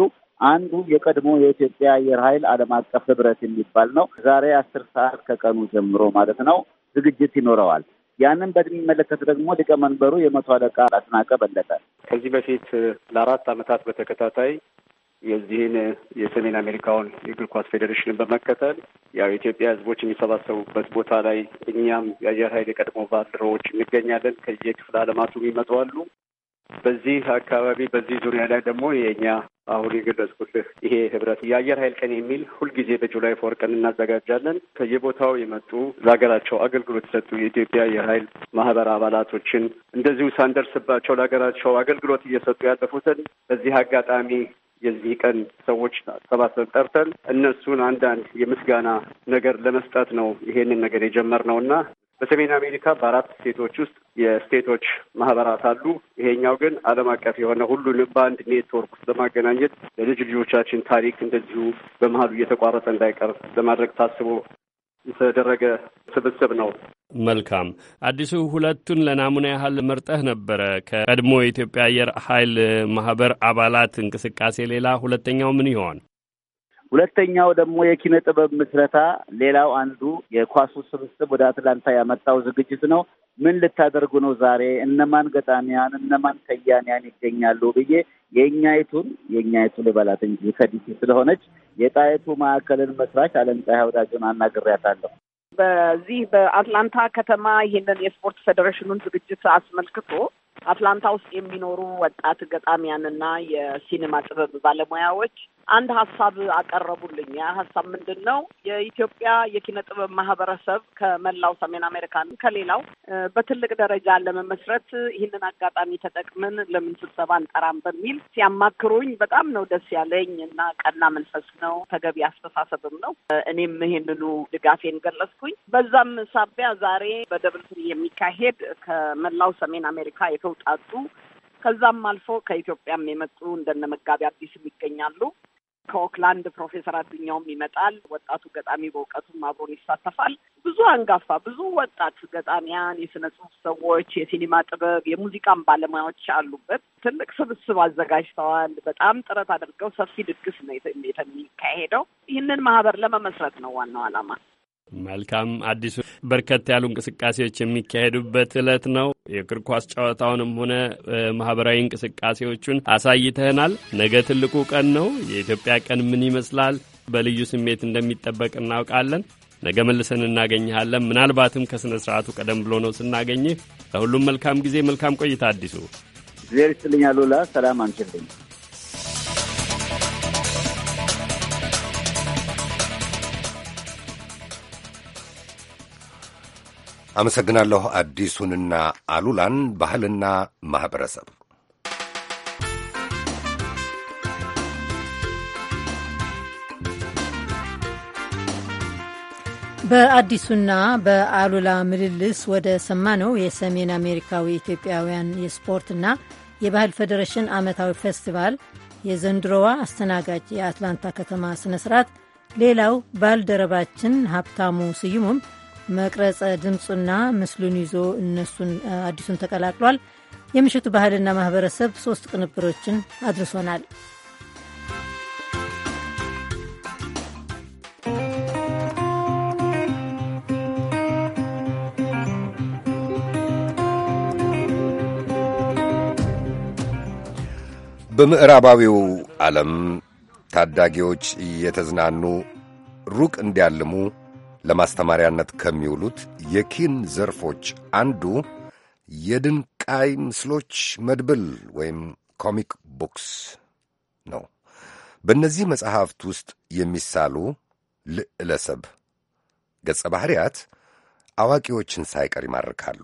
አንዱ የቀድሞ የኢትዮጵያ አየር ኃይል ዓለም አቀፍ ህብረት የሚባል ነው። ዛሬ አስር ሰዓት ከቀኑ ጀምሮ ማለት ነው ዝግጅት ይኖረዋል። ያንን በሚመለከት ደግሞ ሊቀመንበሩ የመቶ አለቃ አስናቀ በለጠ ከዚህ በፊት ለአራት ዓመታት በተከታታይ የዚህን የሰሜን አሜሪካውን የእግር ኳስ ፌዴሬሽንን በመከተል ያው የኢትዮጵያ ህዝቦች የሚሰባሰቡበት ቦታ ላይ እኛም የአየር ኃይል የቀድሞ ባልደረቦች እንገኛለን። ከየክፍለ ዓለማቱ ይመጡ አሉ። በዚህ አካባቢ በዚህ ዙሪያ ላይ ደግሞ የእኛ አሁን የገለጽኩልህ ይሄ ህብረት የአየር ኃይል ቀን የሚል ሁልጊዜ በጁላይ ፎር ቀን እናዘጋጃለን። ከየቦታው የመጡ ለሀገራቸው አገልግሎት የሰጡ የኢትዮጵያ አየር ኃይል ማህበር አባላቶችን እንደዚሁ ሳንደርስባቸው ለሀገራቸው አገልግሎት እየሰጡ ያለፉትን በዚህ አጋጣሚ የዚህ ቀን ሰዎች ሰባሰብ ጠርተን እነሱን አንዳንድ የምስጋና ነገር ለመስጠት ነው ይሄንን ነገር የጀመርነው እና በሰሜን አሜሪካ በአራት ስቴቶች ውስጥ የስቴቶች ማህበራት አሉ። ይሄኛው ግን ዓለም አቀፍ የሆነ ሁሉንም በአንድ ኔትወርክ ውስጥ ለማገናኘት ለልጅ ልጆቻችን ታሪክ እንደዚሁ በመሀሉ እየተቋረጠ እንዳይቀር ለማድረግ ታስቦ የተደረገ ስብስብ ነው። መልካም አዲሱ ሁለቱን ለናሙና ያህል መርጠህ ነበረ። ከቀድሞ የኢትዮጵያ አየር ኃይል ማህበር አባላት እንቅስቃሴ ሌላ ሁለተኛው ምን ይሆን? ሁለተኛው ደግሞ የኪነ ጥበብ ምስረታ ሌላው አንዱ የኳሱ ስብስብ ወደ አትላንታ ያመጣው ዝግጅት ነው። ምን ልታደርጉ ነው ዛሬ? እነማን ገጣሚያን፣ እነማን ከያንያን ይገኛሉ ብዬ የእኛይቱን የእኛይቱ ልበላት እንጂ ከዲሲ ስለሆነች የጣይቱ ማዕከልን መስራች አለምፀሐይ ወዳጆን አናግሬያታለሁ። በዚህ በአትላንታ ከተማ ይህንን የስፖርት ፌዴሬሽኑን ዝግጅት አስመልክቶ አትላንታ ውስጥ የሚኖሩ ወጣት ገጣሚያንና የሲኒማ ጥበብ ባለሙያዎች አንድ ሀሳብ አቀረቡልኝ። ያ ሀሳብ ምንድን ነው? የኢትዮጵያ የኪነ ጥበብ ማህበረሰብ ከመላው ሰሜን አሜሪካን ከሌላው በትልቅ ደረጃ ለመመስረት ይህንን አጋጣሚ ተጠቅምን ለምን ስብሰባ እንጠራም በሚል ሲያማክሩኝ በጣም ነው ደስ ያለኝ እና ቀና መንፈስ ነው፣ ተገቢ አስተሳሰብም ነው። እኔም ይሄንኑ ድጋፌን ገለጽኩኝ። በዛም ሳቢያ ዛሬ በደብል ፍሪ የሚካሄድ ከመላው ሰሜን አሜሪካ የተውጣጡ ከዛም አልፎ ከኢትዮጵያም የመጡ እንደነ መጋቢ አዲስም ይገኛሉ። ከኦክላንድ ፕሮፌሰር አዱኛውም ይመጣል። ወጣቱ ገጣሚ በእውቀቱም አብሮን ይሳተፋል። ብዙ አንጋፋ ብዙ ወጣት ገጣሚያን፣ የስነ ጽሁፍ ሰዎች፣ የሲኒማ ጥበብ፣ የሙዚቃም ባለሙያዎች አሉበት። ትልቅ ስብስብ አዘጋጅተዋል። በጣም ጥረት አድርገው ሰፊ ድግስ ነው የሚካሄደው። ይህንን ማህበር ለመመስረት ነው ዋናው ዓላማ። መልካም አዲሱ በርከት ያሉ እንቅስቃሴዎች የሚካሄዱበት እለት ነው። የእግር ኳስ ጨዋታውንም ሆነ ማህበራዊ እንቅስቃሴዎቹን አሳይተህናል። ነገ ትልቁ ቀን ነው። የኢትዮጵያ ቀን ምን ይመስላል? በልዩ ስሜት እንደሚጠበቅ እናውቃለን። ነገ መልሰን እናገኘሃለን። ምናልባትም ከሥነ ሥርዓቱ ቀደም ብሎ ነው ስናገኝህ። ለሁሉም መልካም ጊዜ፣ መልካም ቆይታ። አዲሱ እግዜር ይስጥልኝ። አሉላ ሰላም አንችልኝ አመሰግናለሁ አዲሱንና አሉላን። ባህልና ማኅበረሰብ በአዲሱና በአሉላ ምልልስ ወደ ሰማነው የሰሜን አሜሪካዊ ኢትዮጵያውያን የስፖርትና የባህል ፌዴሬሽን ዓመታዊ ፌስቲቫል የዘንድሮዋ አስተናጋጅ የአትላንታ ከተማ ስነ ስርዓት ሌላው ባልደረባችን ሀብታሙ ስዩሙም መቅረጸ ድምፁና ምስሉን ይዞ እነሱን አዲሱን ተቀላቅሏል። የምሽቱ ባህልና ማህበረሰብ ሶስት ቅንብሮችን አድርሶናል። በምዕራባዊው ዓለም ታዳጊዎች እየተዝናኑ ሩቅ እንዲያልሙ ለማስተማሪያነት ከሚውሉት የኪን ዘርፎች አንዱ የድንቃይ ምስሎች መድብል ወይም ኮሚክ ቡክስ ነው። በእነዚህ መጽሐፍት ውስጥ የሚሳሉ ልዕለሰብ ገጸ ባሕርያት አዋቂዎችን ሳይቀር ይማርካሉ።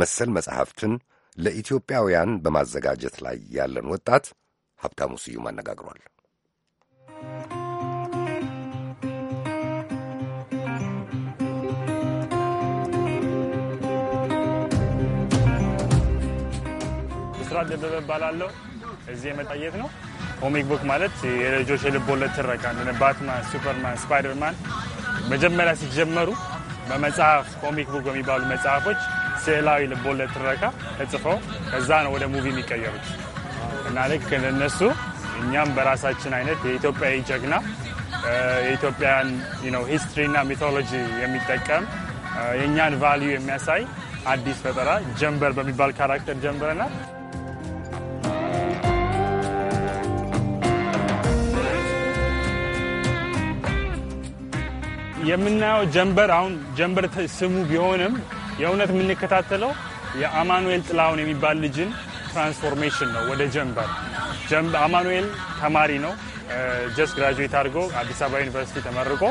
መሰል መጽሐፍትን ለኢትዮጵያውያን በማዘጋጀት ላይ ያለን ወጣት ሀብታሙ ስዩም አነጋግሯል። አስራት ደበበ እባላለሁ። እዚህ የመጣየት ነው። ኮሚክ ቡክ ማለት የልጆች የልቦለድ ትረካ እንደ ባትማን፣ ሱፐርማን፣ ስፓይደርማን መጀመሪያ ሲጀመሩ በመጽሐፍ ኮሚክ ቡክ በሚባሉ መጽሐፎች ስዕላዊ ልቦለድ ትረካ ተጽፈው ከዛ ነው ወደ ሙቪ የሚቀየሩት እና ልክ እነሱ እኛም በራሳችን አይነት የኢትዮጵያዊ ጀግና የኢትዮጵያን ሂስትሪና ሚቶሎጂ የሚጠቀም የእኛን ቫልዩ የሚያሳይ አዲስ ፈጠራ ጀንበር በሚባል ካራክተር ጀምረናል። የምናየው ጀንበር አሁን ጀንበር ስሙ ቢሆንም የእውነት የምንከታተለው የአማኑኤል ጥላሁን የሚባል ልጅን ትራንስፎርሜሽን ነው ወደ ጀንበር። አማኑኤል ተማሪ ነው። ጀስት ግራጁዌት አድርጎ አዲስ አበባ ዩኒቨርሲቲ ተመርቆ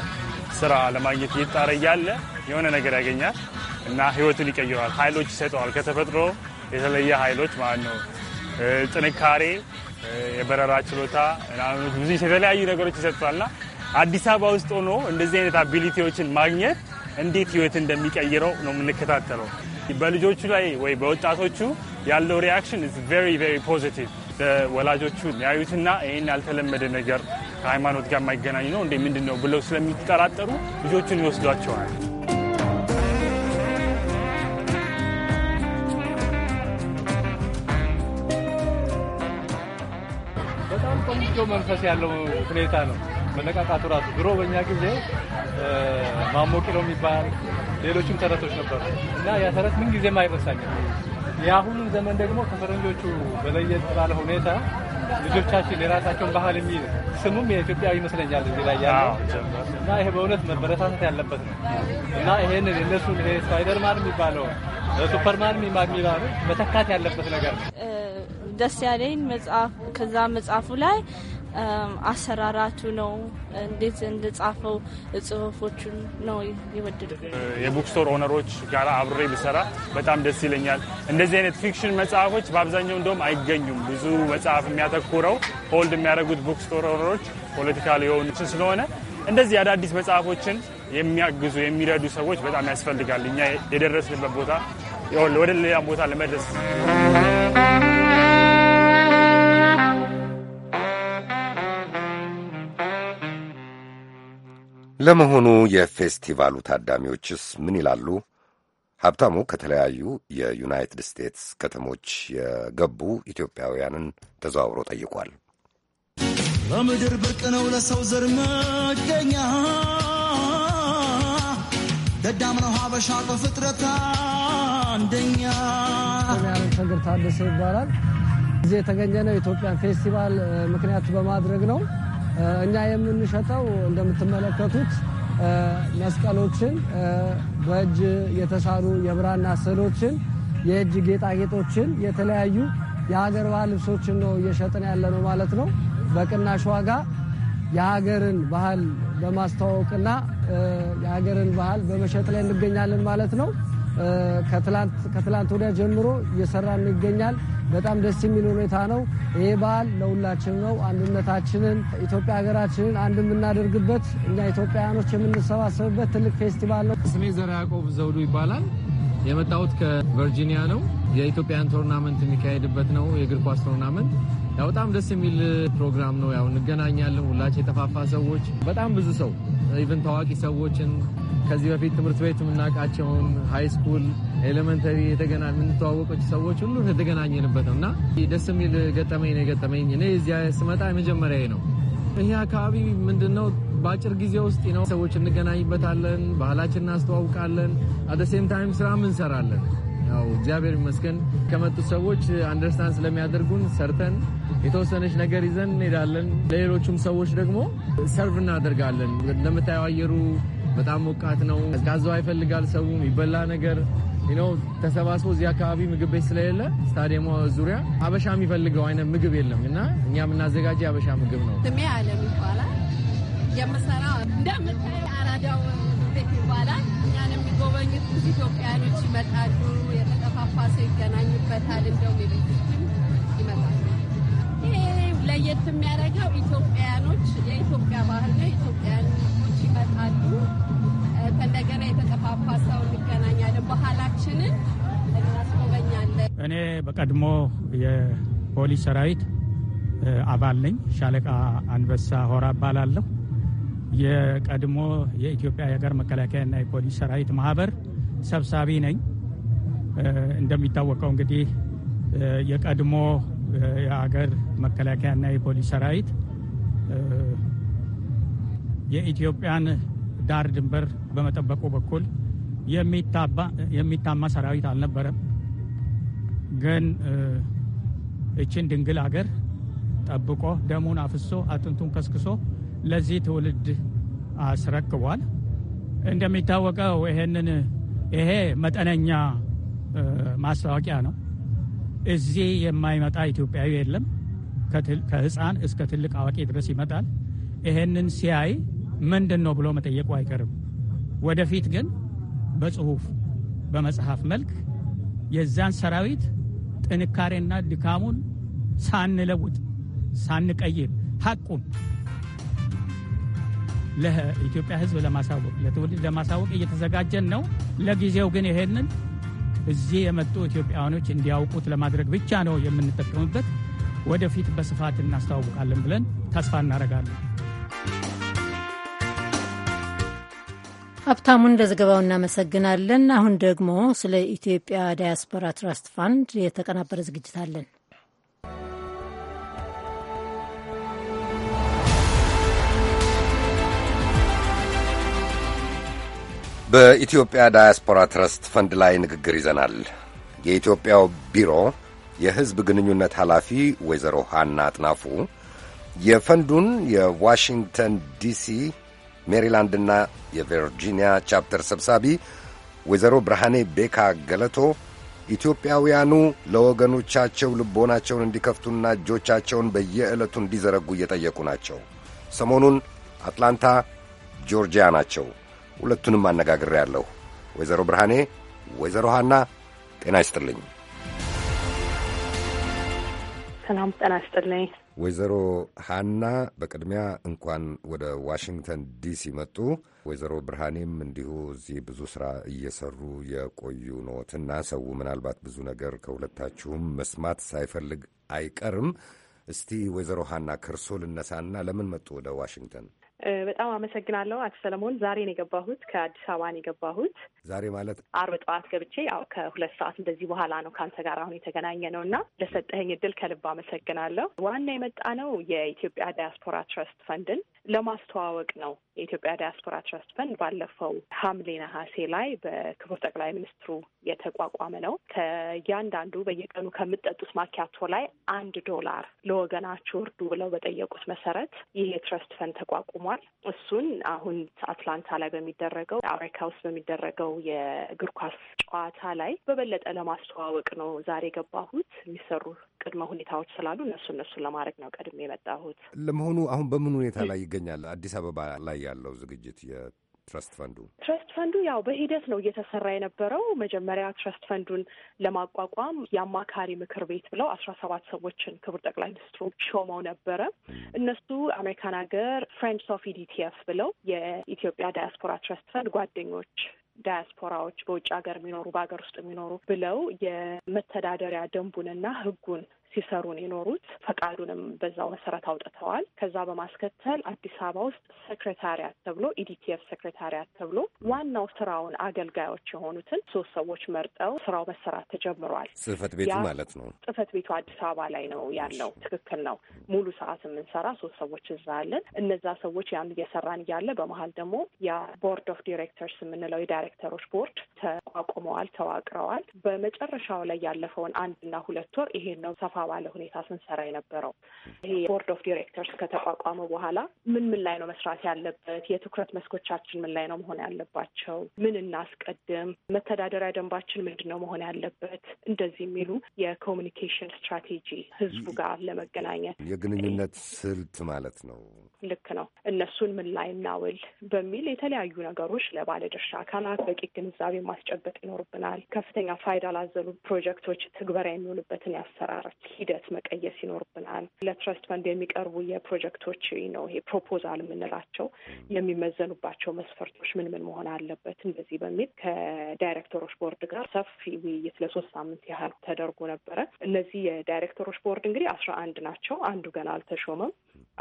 ስራ ለማግኘት እየጣረ እያለ የሆነ ነገር ያገኛል እና ህይወቱን ይቀይረዋል። ኃይሎች ይሰጠዋል። ከተፈጥሮ የተለየ ኃይሎች ማለት ነው። ጥንካሬ፣ የበረራ ችሎታ፣ ብዙ የተለያዩ ነገሮች ይሰጠዋልና አዲስ አበባ ውስጥ ሆኖ እንደዚህ አይነት አቢሊቲዎችን ማግኘት እንዴት ህይወት እንደሚቀይረው ነው የምንከታተለው። በልጆቹ ላይ ወይ በወጣቶቹ ያለው ሪያክሽን ኢዝ ቬሪ ቬሪ ፖዚቲቭ። ወላጆቹ ያዩትና ይህን ያልተለመደ ነገር ከሃይማኖት ጋር የማይገናኝ ነው እንዴ ምንድን ነው ብለው ስለሚጠራጠሩ ልጆቹን ይወስዷቸዋል። በጣም ቆንጆ መንፈስ ያለው ሁኔታ ነው። መነቃቃቱ ራሱ ድሮ በእኛ ጊዜ ማሞቂ ነው የሚባል ሌሎችም ተረቶች ነበሩ እና ያ ተረት ምን ጊዜም አይረሳኝም። የአሁኑን ዘመን ደግሞ ከፈረንጆቹ በለየት ባለ ሁኔታ ልጆቻችን የራሳቸውን ባህል የሚል ስሙም የኢትዮጵያ ይመስለኛል እዚህ ላይ ያለ እና ይሄ በእውነት መበረታታት ያለበት ነው እና ይሄንን የእነሱን ይሄ ስፓይደርማን የሚባለው ሱፐርማን የሚባሉ መተካት ያለበት ነገር ነው። ደስ ያለኝ መጽሐፍ ከዛ መጽሐፉ ላይ አሰራራቱ ነው እንዴት እንደጻፈው ጽሁፎቹን ነው የወደዱ። የቡክስቶር ኦነሮች ጋር አብሬ ብሰራ በጣም ደስ ይለኛል። እንደዚህ አይነት ፊክሽን መጽሐፎች በአብዛኛው እንደውም አይገኙም። ብዙ መጽሐፍ የሚያተኩረው ሆልድ የሚያደርጉት ቡክስቶር ኦነሮች ፖለቲካል የሆኑ ስለሆነ እንደዚህ አዳዲስ መጽሐፎችን የሚያግዙ የሚረዱ ሰዎች በጣም ያስፈልጋል። እኛ የደረስንበት ቦታ ወደ ሌላም ቦታ ለመድረስ ለመሆኑ የፌስቲቫሉ ታዳሚዎችስ ምን ይላሉ? ሀብታሙ ከተለያዩ የዩናይትድ ስቴትስ ከተሞች የገቡ ኢትዮጵያውያንን ተዘዋውሮ ጠይቋል። በምድር ብርቅ ነው ለሰው ዘር መገኛ ደዳም ነው ሀበሻ በፍጥረት አንደኛ። ሸግር ታደሰ ይባላል። እዚህ የተገኘ ነው ኢትዮጵያን ፌስቲቫል ምክንያት በማድረግ ነው። እኛ የምንሸጠው እንደምትመለከቱት መስቀሎችን፣ በእጅ የተሳሉ የብራና ስዕሎችን፣ የእጅ ጌጣጌጦችን፣ የተለያዩ የሀገር ባህል ልብሶችን ነው እየሸጥን ያለ ነው ማለት ነው። በቅናሽ ዋጋ የሀገርን ባህል በማስተዋወቅና የሀገርን ባህል በመሸጥ ላይ እንገኛለን ማለት ነው። ከትላንት ወዲያ ጀምሮ እየሰራን ይገኛል። በጣም ደስ የሚል ሁኔታ ነው። ይሄ በዓል ለሁላችን ነው። አንድነታችንን ኢትዮጵያ ሀገራችንን አንድ የምናደርግበት እኛ ኢትዮጵያውያኖች የምንሰባሰብበት ትልቅ ፌስቲቫል ነው። ስሜ ዘራ ያዕቆብ ዘውዱ ይባላል። የመጣሁት ከቨርጂኒያ ነው። የኢትዮጵያን ቶርናመንት የሚካሄድበት ነው የእግር ኳስ ቶርናመንት። ያው በጣም ደስ የሚል ፕሮግራም ነው። ያው እንገናኛለን ሁላችን የተፋፋ ሰዎች፣ በጣም ብዙ ሰው ኢቨን ታዋቂ ሰዎችን ከዚህ በፊት ትምህርት ቤት የምናውቃቸውን ሃይ ስኩል፣ ኤሌመንተሪ የምንተዋወቀች ሰዎች ሁሉ የተገናኘንበት ነው እና ደስ የሚል ገጠመኝ ነው የገጠመኝ። እኔ እዚያ ስመጣ የመጀመሪያ ነው። ይህ አካባቢ ምንድን ነው በአጭር ጊዜ ውስጥ ነው ሰዎች እንገናኝበታለን፣ ባህላችን እናስተዋውቃለን፣ አደሴም ታይም ስራም እንሰራለን። ያው እግዚአብሔር ይመስገን ከመጡት ሰዎች አንደርስታንድ ስለሚያደርጉን ሰርተን የተወሰነች ነገር ይዘን እንሄዳለን። ለሌሎቹም ሰዎች ደግሞ ሰርቭ እናደርጋለን። እንደምታየው አየሩ በጣም ሞቃት ነው። ቀዝቃዛው ይፈልጋል ሰው የሚበላ ነገር ነው። ተሰባስቦ እዚህ አካባቢ ምግብ ቤት ስለሌለ ስታዲየሙ ዙሪያ አበሻ የሚፈልገው አይነት ምግብ የለም እና እኛ የምናዘጋጀ አበሻ ምግብ ነው። ስሜ አለም ይባላል። የምሰራ እንደምታይ አራዳው ቤት ይባላል። እኛን የሚጎበኙት ብዙ ኢትዮጵያኖች ይመጣሉ። የተጠፋፋ ሰው ይገናኙበታል። እንደውም የቤቶችም ይመጣሉ። ይሄ ለየት የሚያደርገው ኢትዮጵያኖች የኢትዮጵያ ባህል ነው። ኢትዮጵያን ይመጣሉ። ከእንደገና የተጠፋፋ ሰው እንገናኛለን፣ ባህላችንን እናስጎበኛለን። እኔ በቀድሞ የፖሊስ ሰራዊት አባል ነኝ። ሻለቃ አንበሳ ሆራ እባላለሁ። የቀድሞ የኢትዮጵያ የሀገር መከላከያና የፖሊስ ሰራዊት ማህበር ሰብሳቢ ነኝ። እንደሚታወቀው እንግዲህ የቀድሞ የሀገር መከላከያና የፖሊስ ሰራዊት የኢትዮጵያን ዳር ድንበር በመጠበቁ በኩል የሚታማ ሰራዊት አልነበረም። ግን እችን ድንግል አገር ጠብቆ ደሙን አፍሶ አጥንቱን ከስክሶ ለዚህ ትውልድ አስረክቧል። እንደሚታወቀው ይሄንን ይሄ መጠነኛ ማስታወቂያ ነው። እዚህ የማይመጣ ኢትዮጵያዊ የለም። ከህፃን እስከ ትልቅ አዋቂ ድረስ ይመጣል። ይሄንን ሲያይ ምንድን ነው ብሎ መጠየቁ አይቀርም። ወደፊት ግን በጽሁፍ በመጽሐፍ መልክ የዛን ሰራዊት ጥንካሬና ድካሙን ሳንለውጥ ሳንቀይር ሐቁን ለኢትዮጵያ ሕዝብ ለማሳወቅ ለትውልድ ለማሳወቅ እየተዘጋጀን ነው። ለጊዜው ግን ይሄንን እዚህ የመጡ ኢትዮጵያውያኖች እንዲያውቁት ለማድረግ ብቻ ነው የምንጠቀምበት። ወደፊት በስፋት እናስተዋውቃለን ብለን ተስፋ እናደርጋለን። ሀብታሙን ለዘገባው እናመሰግናለን። አሁን ደግሞ ስለ ኢትዮጵያ ዳያስፖራ ትራስት ፋንድ የተቀናበረ ዝግጅት አለን። በኢትዮጵያ ዳያስፖራ ትረስት ፈንድ ላይ ንግግር ይዘናል። የኢትዮጵያው ቢሮ የሕዝብ ግንኙነት ኃላፊ ወይዘሮ ሃና አጥናፉ የፈንዱን የዋሽንግተን ዲሲ ሜሪላንድና የቨርጂኒያ ቻፕተር ሰብሳቢ ወይዘሮ ብርሃኔ ቤካ ገለቶ ኢትዮጵያውያኑ ለወገኖቻቸው ልቦናቸውን እንዲከፍቱና እጆቻቸውን በየዕለቱ እንዲዘረጉ እየጠየቁ ናቸው። ሰሞኑን አትላንታ ጆርጂያ ናቸው። ሁለቱንም አነጋግሬ ያለሁ። ወይዘሮ ብርሃኔ፣ ወይዘሮ ሃና ጤና ይስጥልኝ። ሰላም ጤና ይስጥልኝ። ወይዘሮ ሃና በቅድሚያ እንኳን ወደ ዋሽንግተን ዲሲ መጡ። ወይዘሮ ብርሃኔም እንዲሁ እዚህ ብዙ ስራ እየሰሩ የቆዩ ኖትና ሰው ምናልባት ብዙ ነገር ከሁለታችሁም መስማት ሳይፈልግ አይቀርም። እስቲ ወይዘሮ ሃና ከርሶ ልነሳና ለምን መጡ ወደ ዋሽንግተን? በጣም አመሰግናለሁ አቶ ሰለሞን። ዛሬ ነው የገባሁት፣ ከአዲስ አበባ ነው የገባሁት። ዛሬ ማለት አርብ ጠዋት ገብቼ ያው ከሁለት ሰዓት እንደዚህ በኋላ ነው ከአንተ ጋር አሁን የተገናኘ ነው እና ለሰጠኸኝ እድል ከልብ አመሰግናለሁ። ዋና የመጣ ነው የኢትዮጵያ ዳያስፖራ ትረስት ፈንድን ለማስተዋወቅ ነው። የኢትዮጵያ ዳያስፖራ ትረስት ፈንድ ባለፈው ሐምሌ ነሐሴ ላይ በክቡር ጠቅላይ ሚኒስትሩ የተቋቋመ ነው። ከእያንዳንዱ በየቀኑ ከምጠጡት ማኪያቶ ላይ አንድ ዶላር ለወገናችሁ እርዱ ብለው በጠየቁት መሰረት ይህ የትረስት ፈንድ ተቋቁሟል። ተጠቅሟል። እሱን አሁን አትላንታ ላይ በሚደረገው አሜሪካ ውስጥ በሚደረገው የእግር ኳስ ጨዋታ ላይ በበለጠ ለማስተዋወቅ ነው ዛሬ የገባሁት። የሚሰሩ ቅድመ ሁኔታዎች ስላሉ እነሱ እነሱን ለማድረግ ነው ቀድሜ የመጣሁት። ለመሆኑ አሁን በምን ሁኔታ ላይ ይገኛል? አዲስ አበባ ላይ ያለው ዝግጅት ትረስት ፈንዱ? ትረስት ፈንዱ ያው በሂደት ነው እየተሰራ የነበረው። መጀመሪያ ትረስት ፈንዱን ለማቋቋም የአማካሪ ምክር ቤት ብለው አስራ ሰባት ሰዎችን ክቡር ጠቅላይ ሚኒስትሩ ሾመው ነበረ። እነሱ አሜሪካን ሀገር ፍሬንድስ ኦፍ ኢዲቲኤፍ ብለው የኢትዮጵያ ዳያስፖራ ትረስት ፈንድ ጓደኞች ዳያስፖራዎች በውጭ ሀገር የሚኖሩ በሀገር ውስጥ የሚኖሩ ብለው የመተዳደሪያ ደንቡንና ሕጉን ሲሰሩን የኖሩት ፈቃዱንም በዛው መሰረት አውጥተዋል። ከዛ በማስከተል አዲስ አበባ ውስጥ ሴክሬታሪያት ተብሎ ኢዲቲኤፍ ሴክሬታሪያት ተብሎ ዋናው ስራውን አገልጋዮች የሆኑትን ሶስት ሰዎች መርጠው ስራው መሰራት ተጀምሯል። ጽህፈት ቤቱ ማለት ነው። ጽህፈት ቤቱ አዲስ አበባ ላይ ነው ያለው። ትክክል ነው። ሙሉ ሰዓት የምንሰራ ሶስት ሰዎች እዛ አለን። እነዛ ሰዎች ያን እየሰራን እያለ በመሀል ደግሞ የቦርድ ኦፍ ዲሬክተርስ የምንለው የዳይሬክተሮች ቦርድ ተቋቁመዋል፣ ተዋቅረዋል። በመጨረሻው ላይ ያለፈውን አንድና ሁለት ወር ይሄን ነው ሰፋ ባለ ሁኔታ ስንሰራ የነበረው። ይሄ ቦርድ ኦፍ ዲሬክተርስ ከተቋቋመ በኋላ ምን ምን ላይ ነው መስራት ያለበት፣ የትኩረት መስኮቻችን ምን ላይ ነው መሆን ያለባቸው፣ ምን እናስቀድም፣ መተዳደሪያ ደንባችን ምንድን ነው መሆን ያለበት፣ እንደዚህ የሚሉ የኮሚኒኬሽን ስትራቴጂ ህዝቡ ጋር ለመገናኘት የግንኙነት ስልት ማለት ነው። ልክ ነው እነሱን ምን ላይ እናውል በሚል የተለያዩ ነገሮች ለባለድርሻ አካላት በቂ ግንዛቤ ማስጨበጥ ይኖርብናል። ከፍተኛ ፋይዳ ላዘሉ ፕሮጀክቶች ትግበሪያ የሚሆንበትን ያሰራር ሂደት መቀየስ ይኖርብናል። ለትረስት ፈንድ የሚቀርቡ የፕሮጀክቶች ነው ይሄ ፕሮፖዛል የምንላቸው የሚመዘኑባቸው መስፈርቶች ምን ምን መሆን አለበት እንደዚህ በሚል ከዳይሬክተሮች ቦርድ ጋር ሰፊ ውይይት ለሶስት ሳምንት ያህል ተደርጎ ነበረ። እነዚህ የዳይሬክተሮች ቦርድ እንግዲህ አስራ አንድ ናቸው። አንዱ ገና አልተሾመም።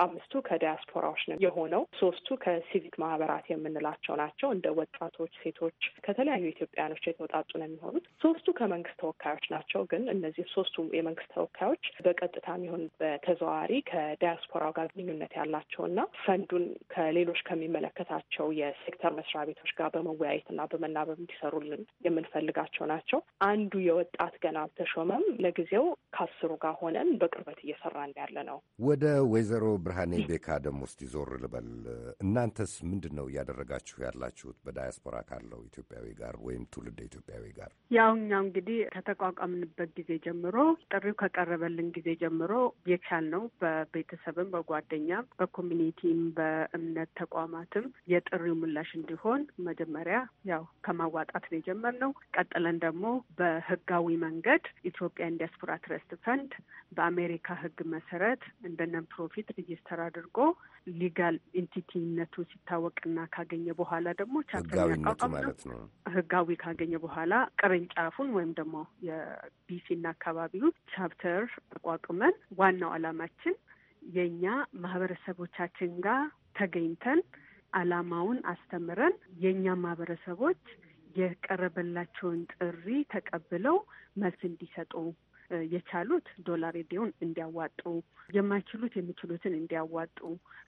አምስቱ ከዳያስ ዲያስፖራዎች ነው የሆነው። ሶስቱ ከሲቪክ ማህበራት የምንላቸው ናቸው። እንደ ወጣቶች፣ ሴቶች ከተለያዩ ኢትዮጵያኖች የተውጣጡ ነው የሚሆኑት። ሶስቱ ከመንግስት ተወካዮች ናቸው። ግን እነዚህ ሶስቱ የመንግስት ተወካዮች በቀጥታ የሚሆን በተዘዋዋሪ ከዲያስፖራው ጋር ግንኙነት ያላቸው እና ፈንዱን ከሌሎች ከሚመለከታቸው የሴክተር መስሪያ ቤቶች ጋር በመወያየት እና በመናበብ እንዲሰሩልን የምንፈልጋቸው ናቸው። አንዱ የወጣት ገና አልተሾመም። ለጊዜው ከአስሩ ጋር ሆነን በቅርበት እየሰራን ያለ ነው። ወደ ወይዘሮ ብርሃኔ ቤካ ደግሞ ውስጥ ይዞር ልበል። እናንተስ ምንድን ነው እያደረጋችሁ ያላችሁት በዳያስፖራ ካለው ኢትዮጵያዊ ጋር ወይም ትውልደ ኢትዮጵያዊ ጋር? ያው እኛ እንግዲህ ከተቋቋምንበት ጊዜ ጀምሮ ጥሪው ከቀረበልን ጊዜ ጀምሮ የቻልነው በቤተሰብም፣ በጓደኛም፣ በኮሚኒቲም፣ በእምነት ተቋማትም የጥሪው ምላሽ እንዲሆን መጀመሪያ ያው ከማዋጣት ነው የጀመርነው። ቀጥለን ደግሞ በህጋዊ መንገድ ኢትዮጵያን ዲያስፖራ ትረስት ፈንድ በአሜሪካ ህግ መሰረት እንደነን ፕሮፊት ሪጅስተር አድርጎ ሊጋል ኢንቲቲነቱ ሲታወቅና ካገኘ በኋላ ደግሞ ቻፕተር ማለት ነው። ህጋዊ ካገኘ በኋላ ቅርንጫፉን ወይም ደግሞ የቢሲና አካባቢውን ቻፕተር አቋቁመን ዋናው አላማችን የእኛ ማህበረሰቦቻችን ጋር ተገኝተን አላማውን አስተምረን የእኛ ማህበረሰቦች የቀረበላቸውን ጥሪ ተቀብለው መልስ እንዲሰጡ የቻሉት ዶላር ዴውን እንዲያዋጡ፣ የማይችሉት የሚችሉትን እንዲያዋጡ፣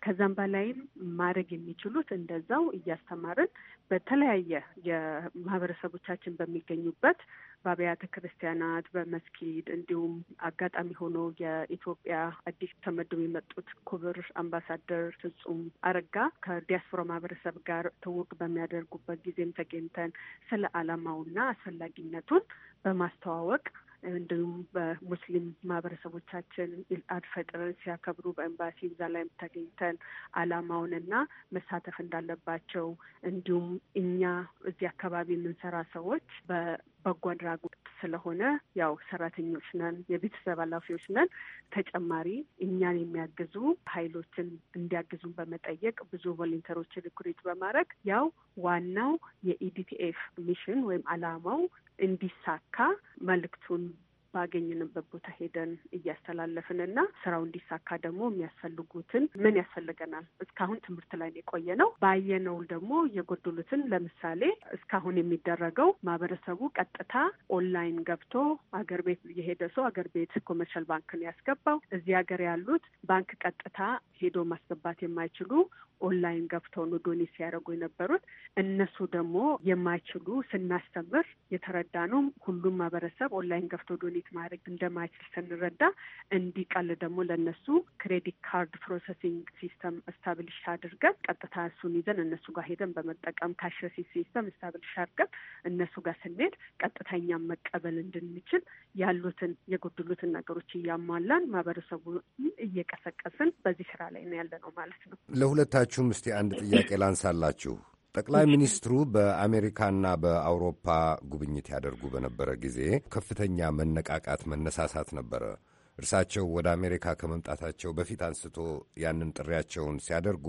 ከዛም በላይም ማድረግ የሚችሉት እንደዛው እያስተማርን በተለያየ የማህበረሰቦቻችን በሚገኙበት በአብያተ ክርስቲያናት በመስጊድ እንዲሁም አጋጣሚ ሆኖ የኢትዮጵያ አዲስ ተመድቦ የመጡት ክቡር አምባሳደር ፍጹም አረጋ ከዲያስፖራ ማህበረሰብ ጋር ትውቅ በሚያደርጉበት ጊዜም ተገኝተን ስለ ዓላማውና አስፈላጊነቱን በማስተዋወቅ እንዲሁም በሙስሊም ማህበረሰቦቻችን አድፈጥርን ሲያከብሩ በኤምባሲ እዛ ላይ ተገኝተን አላማውንና መሳተፍ እንዳለባቸው እንዲሁም እኛ እዚህ አካባቢ የምንሰራ ሰዎች በጎ አድራጎት ስለሆነ ያው ሰራተኞች ነን፣ የቤተሰብ ኃላፊዎች ነን። ተጨማሪ እኛን የሚያግዙ ኃይሎችን እንዲያግዙን በመጠየቅ ብዙ ቮለንተሮችን ሪኩሪት በማድረግ ያው ዋናው የኢዲቲኤፍ ሚሽን ወይም አላማው እንዲሳካ መልእክቱን ባገኝንበት ቦታ ሄደን እያስተላለፍን እና ስራው እንዲሳካ ደግሞ የሚያስፈልጉትን ምን ያስፈልገናል እስካሁን ትምህርት ላይ የቆየ ነው ባየነው ደግሞ የጎደሉትን ለምሳሌ እስካሁን የሚደረገው ማህበረሰቡ ቀጥታ ኦንላይን ገብቶ አገር ቤት የሄደ ሰው አገር ቤት ኮመርሻል ባንክን ያስገባው እዚህ ሀገር ያሉት ባንክ ቀጥታ ሄዶ ማስገባት የማይችሉ ኦንላይን ገብተው ነው ዶኔት ሲያደርጉ የነበሩት። እነሱ ደግሞ የማይችሉ ስናስተምር የተረዳ ነው ሁሉም ማህበረሰብ ኦንላይን ገብተው ዶኔ ዲፖዚት ማድረግ እንደማይችል ስንረዳ እንዲቀል ደግሞ ለእነሱ ክሬዲት ካርድ ፕሮሰሲንግ ሲስተም እስታብሊሽ አድርገን ቀጥታ እሱን ይዘን እነሱ ጋር ሄደን በመጠቀም ካሽለስ ሲስተም እስታብሊሽ አድርገን እነሱ ጋር ስንሄድ ቀጥተኛም መቀበል እንድንችል ያሉትን የጎድሉትን ነገሮች እያሟላን ማህበረሰቡ እየቀሰቀስን በዚህ ስራ ላይ ነው ያለ ነው ማለት ነው። ለሁለታችሁም እስቲ አንድ ጥያቄ ላንሳላችሁ። ጠቅላይ ሚኒስትሩ በአሜሪካና በአውሮፓ ጉብኝት ያደርጉ በነበረ ጊዜ ከፍተኛ መነቃቃት፣ መነሳሳት ነበረ። እርሳቸው ወደ አሜሪካ ከመምጣታቸው በፊት አንስቶ ያንን ጥሪያቸውን ሲያደርጉ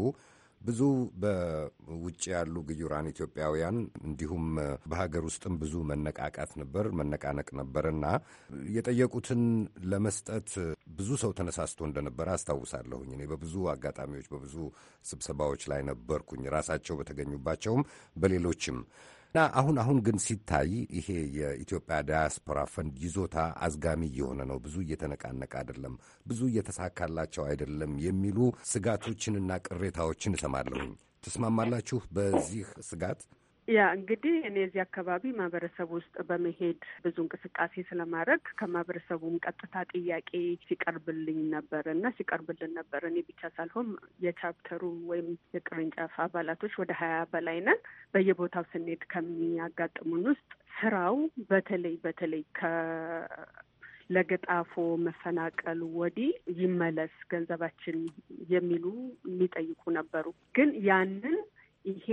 ብዙ በውጭ ያሉ ግዩራን ኢትዮጵያውያን እንዲሁም በሀገር ውስጥም ብዙ መነቃቃት ነበር መነቃነቅ ነበር እና የጠየቁትን ለመስጠት ብዙ ሰው ተነሳስቶ እንደነበረ አስታውሳለሁኝ። እኔ በብዙ አጋጣሚዎች በብዙ ስብሰባዎች ላይ ነበርኩኝ ራሳቸው በተገኙባቸውም በሌሎችም እና አሁን አሁን ግን ሲታይ ይሄ የኢትዮጵያ ዳያስፖራ ፈንድ ይዞታ አዝጋሚ እየሆነ ነው፣ ብዙ እየተነቃነቀ አይደለም፣ ብዙ እየተሳካላቸው አይደለም የሚሉ ስጋቶችንና ቅሬታዎችን እሰማለሁኝ። ትስማማላችሁ በዚህ ስጋት? ያ እንግዲህ እኔ እዚህ አካባቢ ማህበረሰብ ውስጥ በመሄድ ብዙ እንቅስቃሴ ስለማድረግ ከማህበረሰቡም ቀጥታ ጥያቄ ሲቀርብልኝ ነበር እና ሲቀርብልን ነበር። እኔ ብቻ ሳልሆን የቻፕተሩ ወይም የቅርንጫፍ አባላቶች ወደ ሀያ በላይ ነን። በየቦታው ስንሄድ ከሚያጋጥሙን ውስጥ ስራው በተለይ በተለይ ከ ለገጣፎ መፈናቀል ወዲህ ይመለስ ገንዘባችን የሚሉ የሚጠይቁ ነበሩ። ግን ያንን ይሄ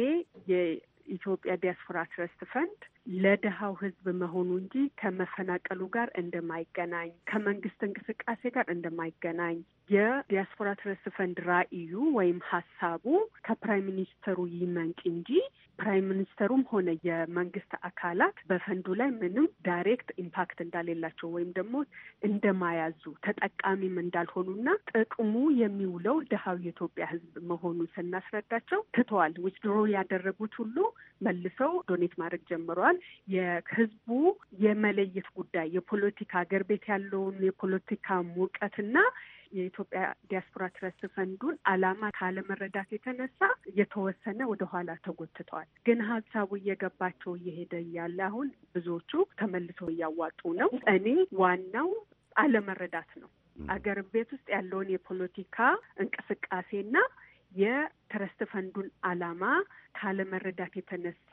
የኢትዮጵያ ዲያስፖራ ትረስት ፈንድ ለድሃው ህዝብ መሆኑ እንጂ ከመፈናቀሉ ጋር እንደማይገናኝ፣ ከመንግስት እንቅስቃሴ ጋር እንደማይገናኝ የዲያስፖራ ትረስት ፈንድ ራዕዩ ወይም ሀሳቡ ከፕራይም ሚኒስተሩ ይመንጭ እንጂ ፕራይም ሚኒስተሩም ሆነ የመንግስት አካላት በፈንዱ ላይ ምንም ዳይሬክት ኢምፓክት እንዳሌላቸው ወይም ደግሞ እንደማያዙ ተጠቃሚም እንዳልሆኑና ጥቅሙ የሚውለው ድሃው የኢትዮጵያ ህዝብ መሆኑን ስናስረዳቸው ትተዋል። ውጭ ያደረጉት ሁሉ መልሰው ዶኔት ማድረግ ጀምረዋል። የህዝቡ የመለየት ጉዳይ የፖለቲካ አገር ቤት ያለውን የፖለቲካ ሙቀትና የኢትዮጵያ ዲያስፖራ ትረስት ፈንዱን አላማ ካለመረዳት የተነሳ እየተወሰነ ኋላ ተጎትተዋል። ግን ሀሳቡ እየገባቸው እየሄደ እያለ አሁን ብዙዎቹ ተመልሰው እያዋጡ ነው። እኔ ዋናው አለመረዳት ነው። አገር ቤት ውስጥ ያለውን የፖለቲካ እንቅስቃሴና የትረስት ፈንዱን አላማ ካለመረዳት የተነሳ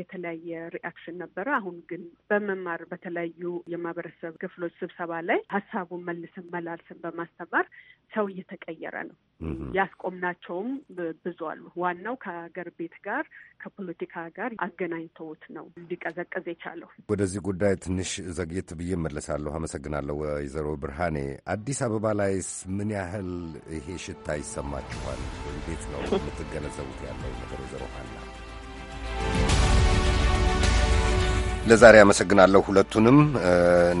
የተለያየ ሪአክሽን ነበረ። አሁን ግን በመማር በተለያዩ የማህበረሰብ ክፍሎች ስብሰባ ላይ ሀሳቡን መልስን መላልስን በማስተማር ሰው እየተቀየረ ነው። ያስቆምናቸውም ብዙ አሉ። ዋናው ከሀገር ቤት ጋር ከፖለቲካ ጋር አገናኝተውት ነው እንዲቀዘቀዝ የቻለው። ወደዚህ ጉዳይ ትንሽ ዘግየት ብዬ መለሳለሁ። አመሰግናለሁ ወይዘሮ ብርሃኔ። አዲስ አበባ ላይስ ምን ያህል ይሄ ሽታ ይሰማችኋል? እንዴት ነው የምትገነዘቡት ያለው ነገር ወይዘሮ በኋላ ለዛሬ አመሰግናለሁ ሁለቱንም።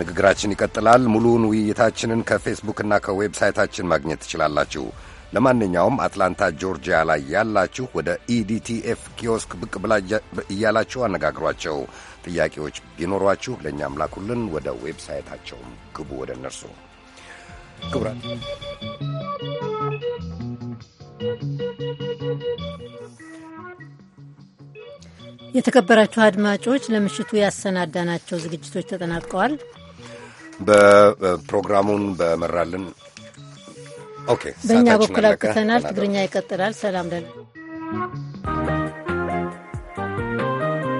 ንግግራችን ይቀጥላል። ሙሉውን ውይይታችንን ከፌስቡክና ከዌብሳይታችን ማግኘት ትችላላችሁ። ለማንኛውም አትላንታ ጆርጂያ ላይ ያላችሁ ወደ ኢዲቲኤፍ e ኪዮስክ ብቅ ብላ እያላችሁ አነጋግሯቸው። ጥያቄዎች ቢኖሯችሁ ለእኛም ላኩልን። ወደ ዌብሳይታቸውም ግቡ። ወደ እነርሱ ክቡራት የተከበራችሁ አድማጮች ለምሽቱ ያሰናዳናቸው ዝግጅቶች ተጠናቀዋል። በፕሮግራሙን በመራልን ኦኬ፣ በእኛ በኩል አብቅተናል። ትግርኛ ይቀጥላል። ሰላም ደህና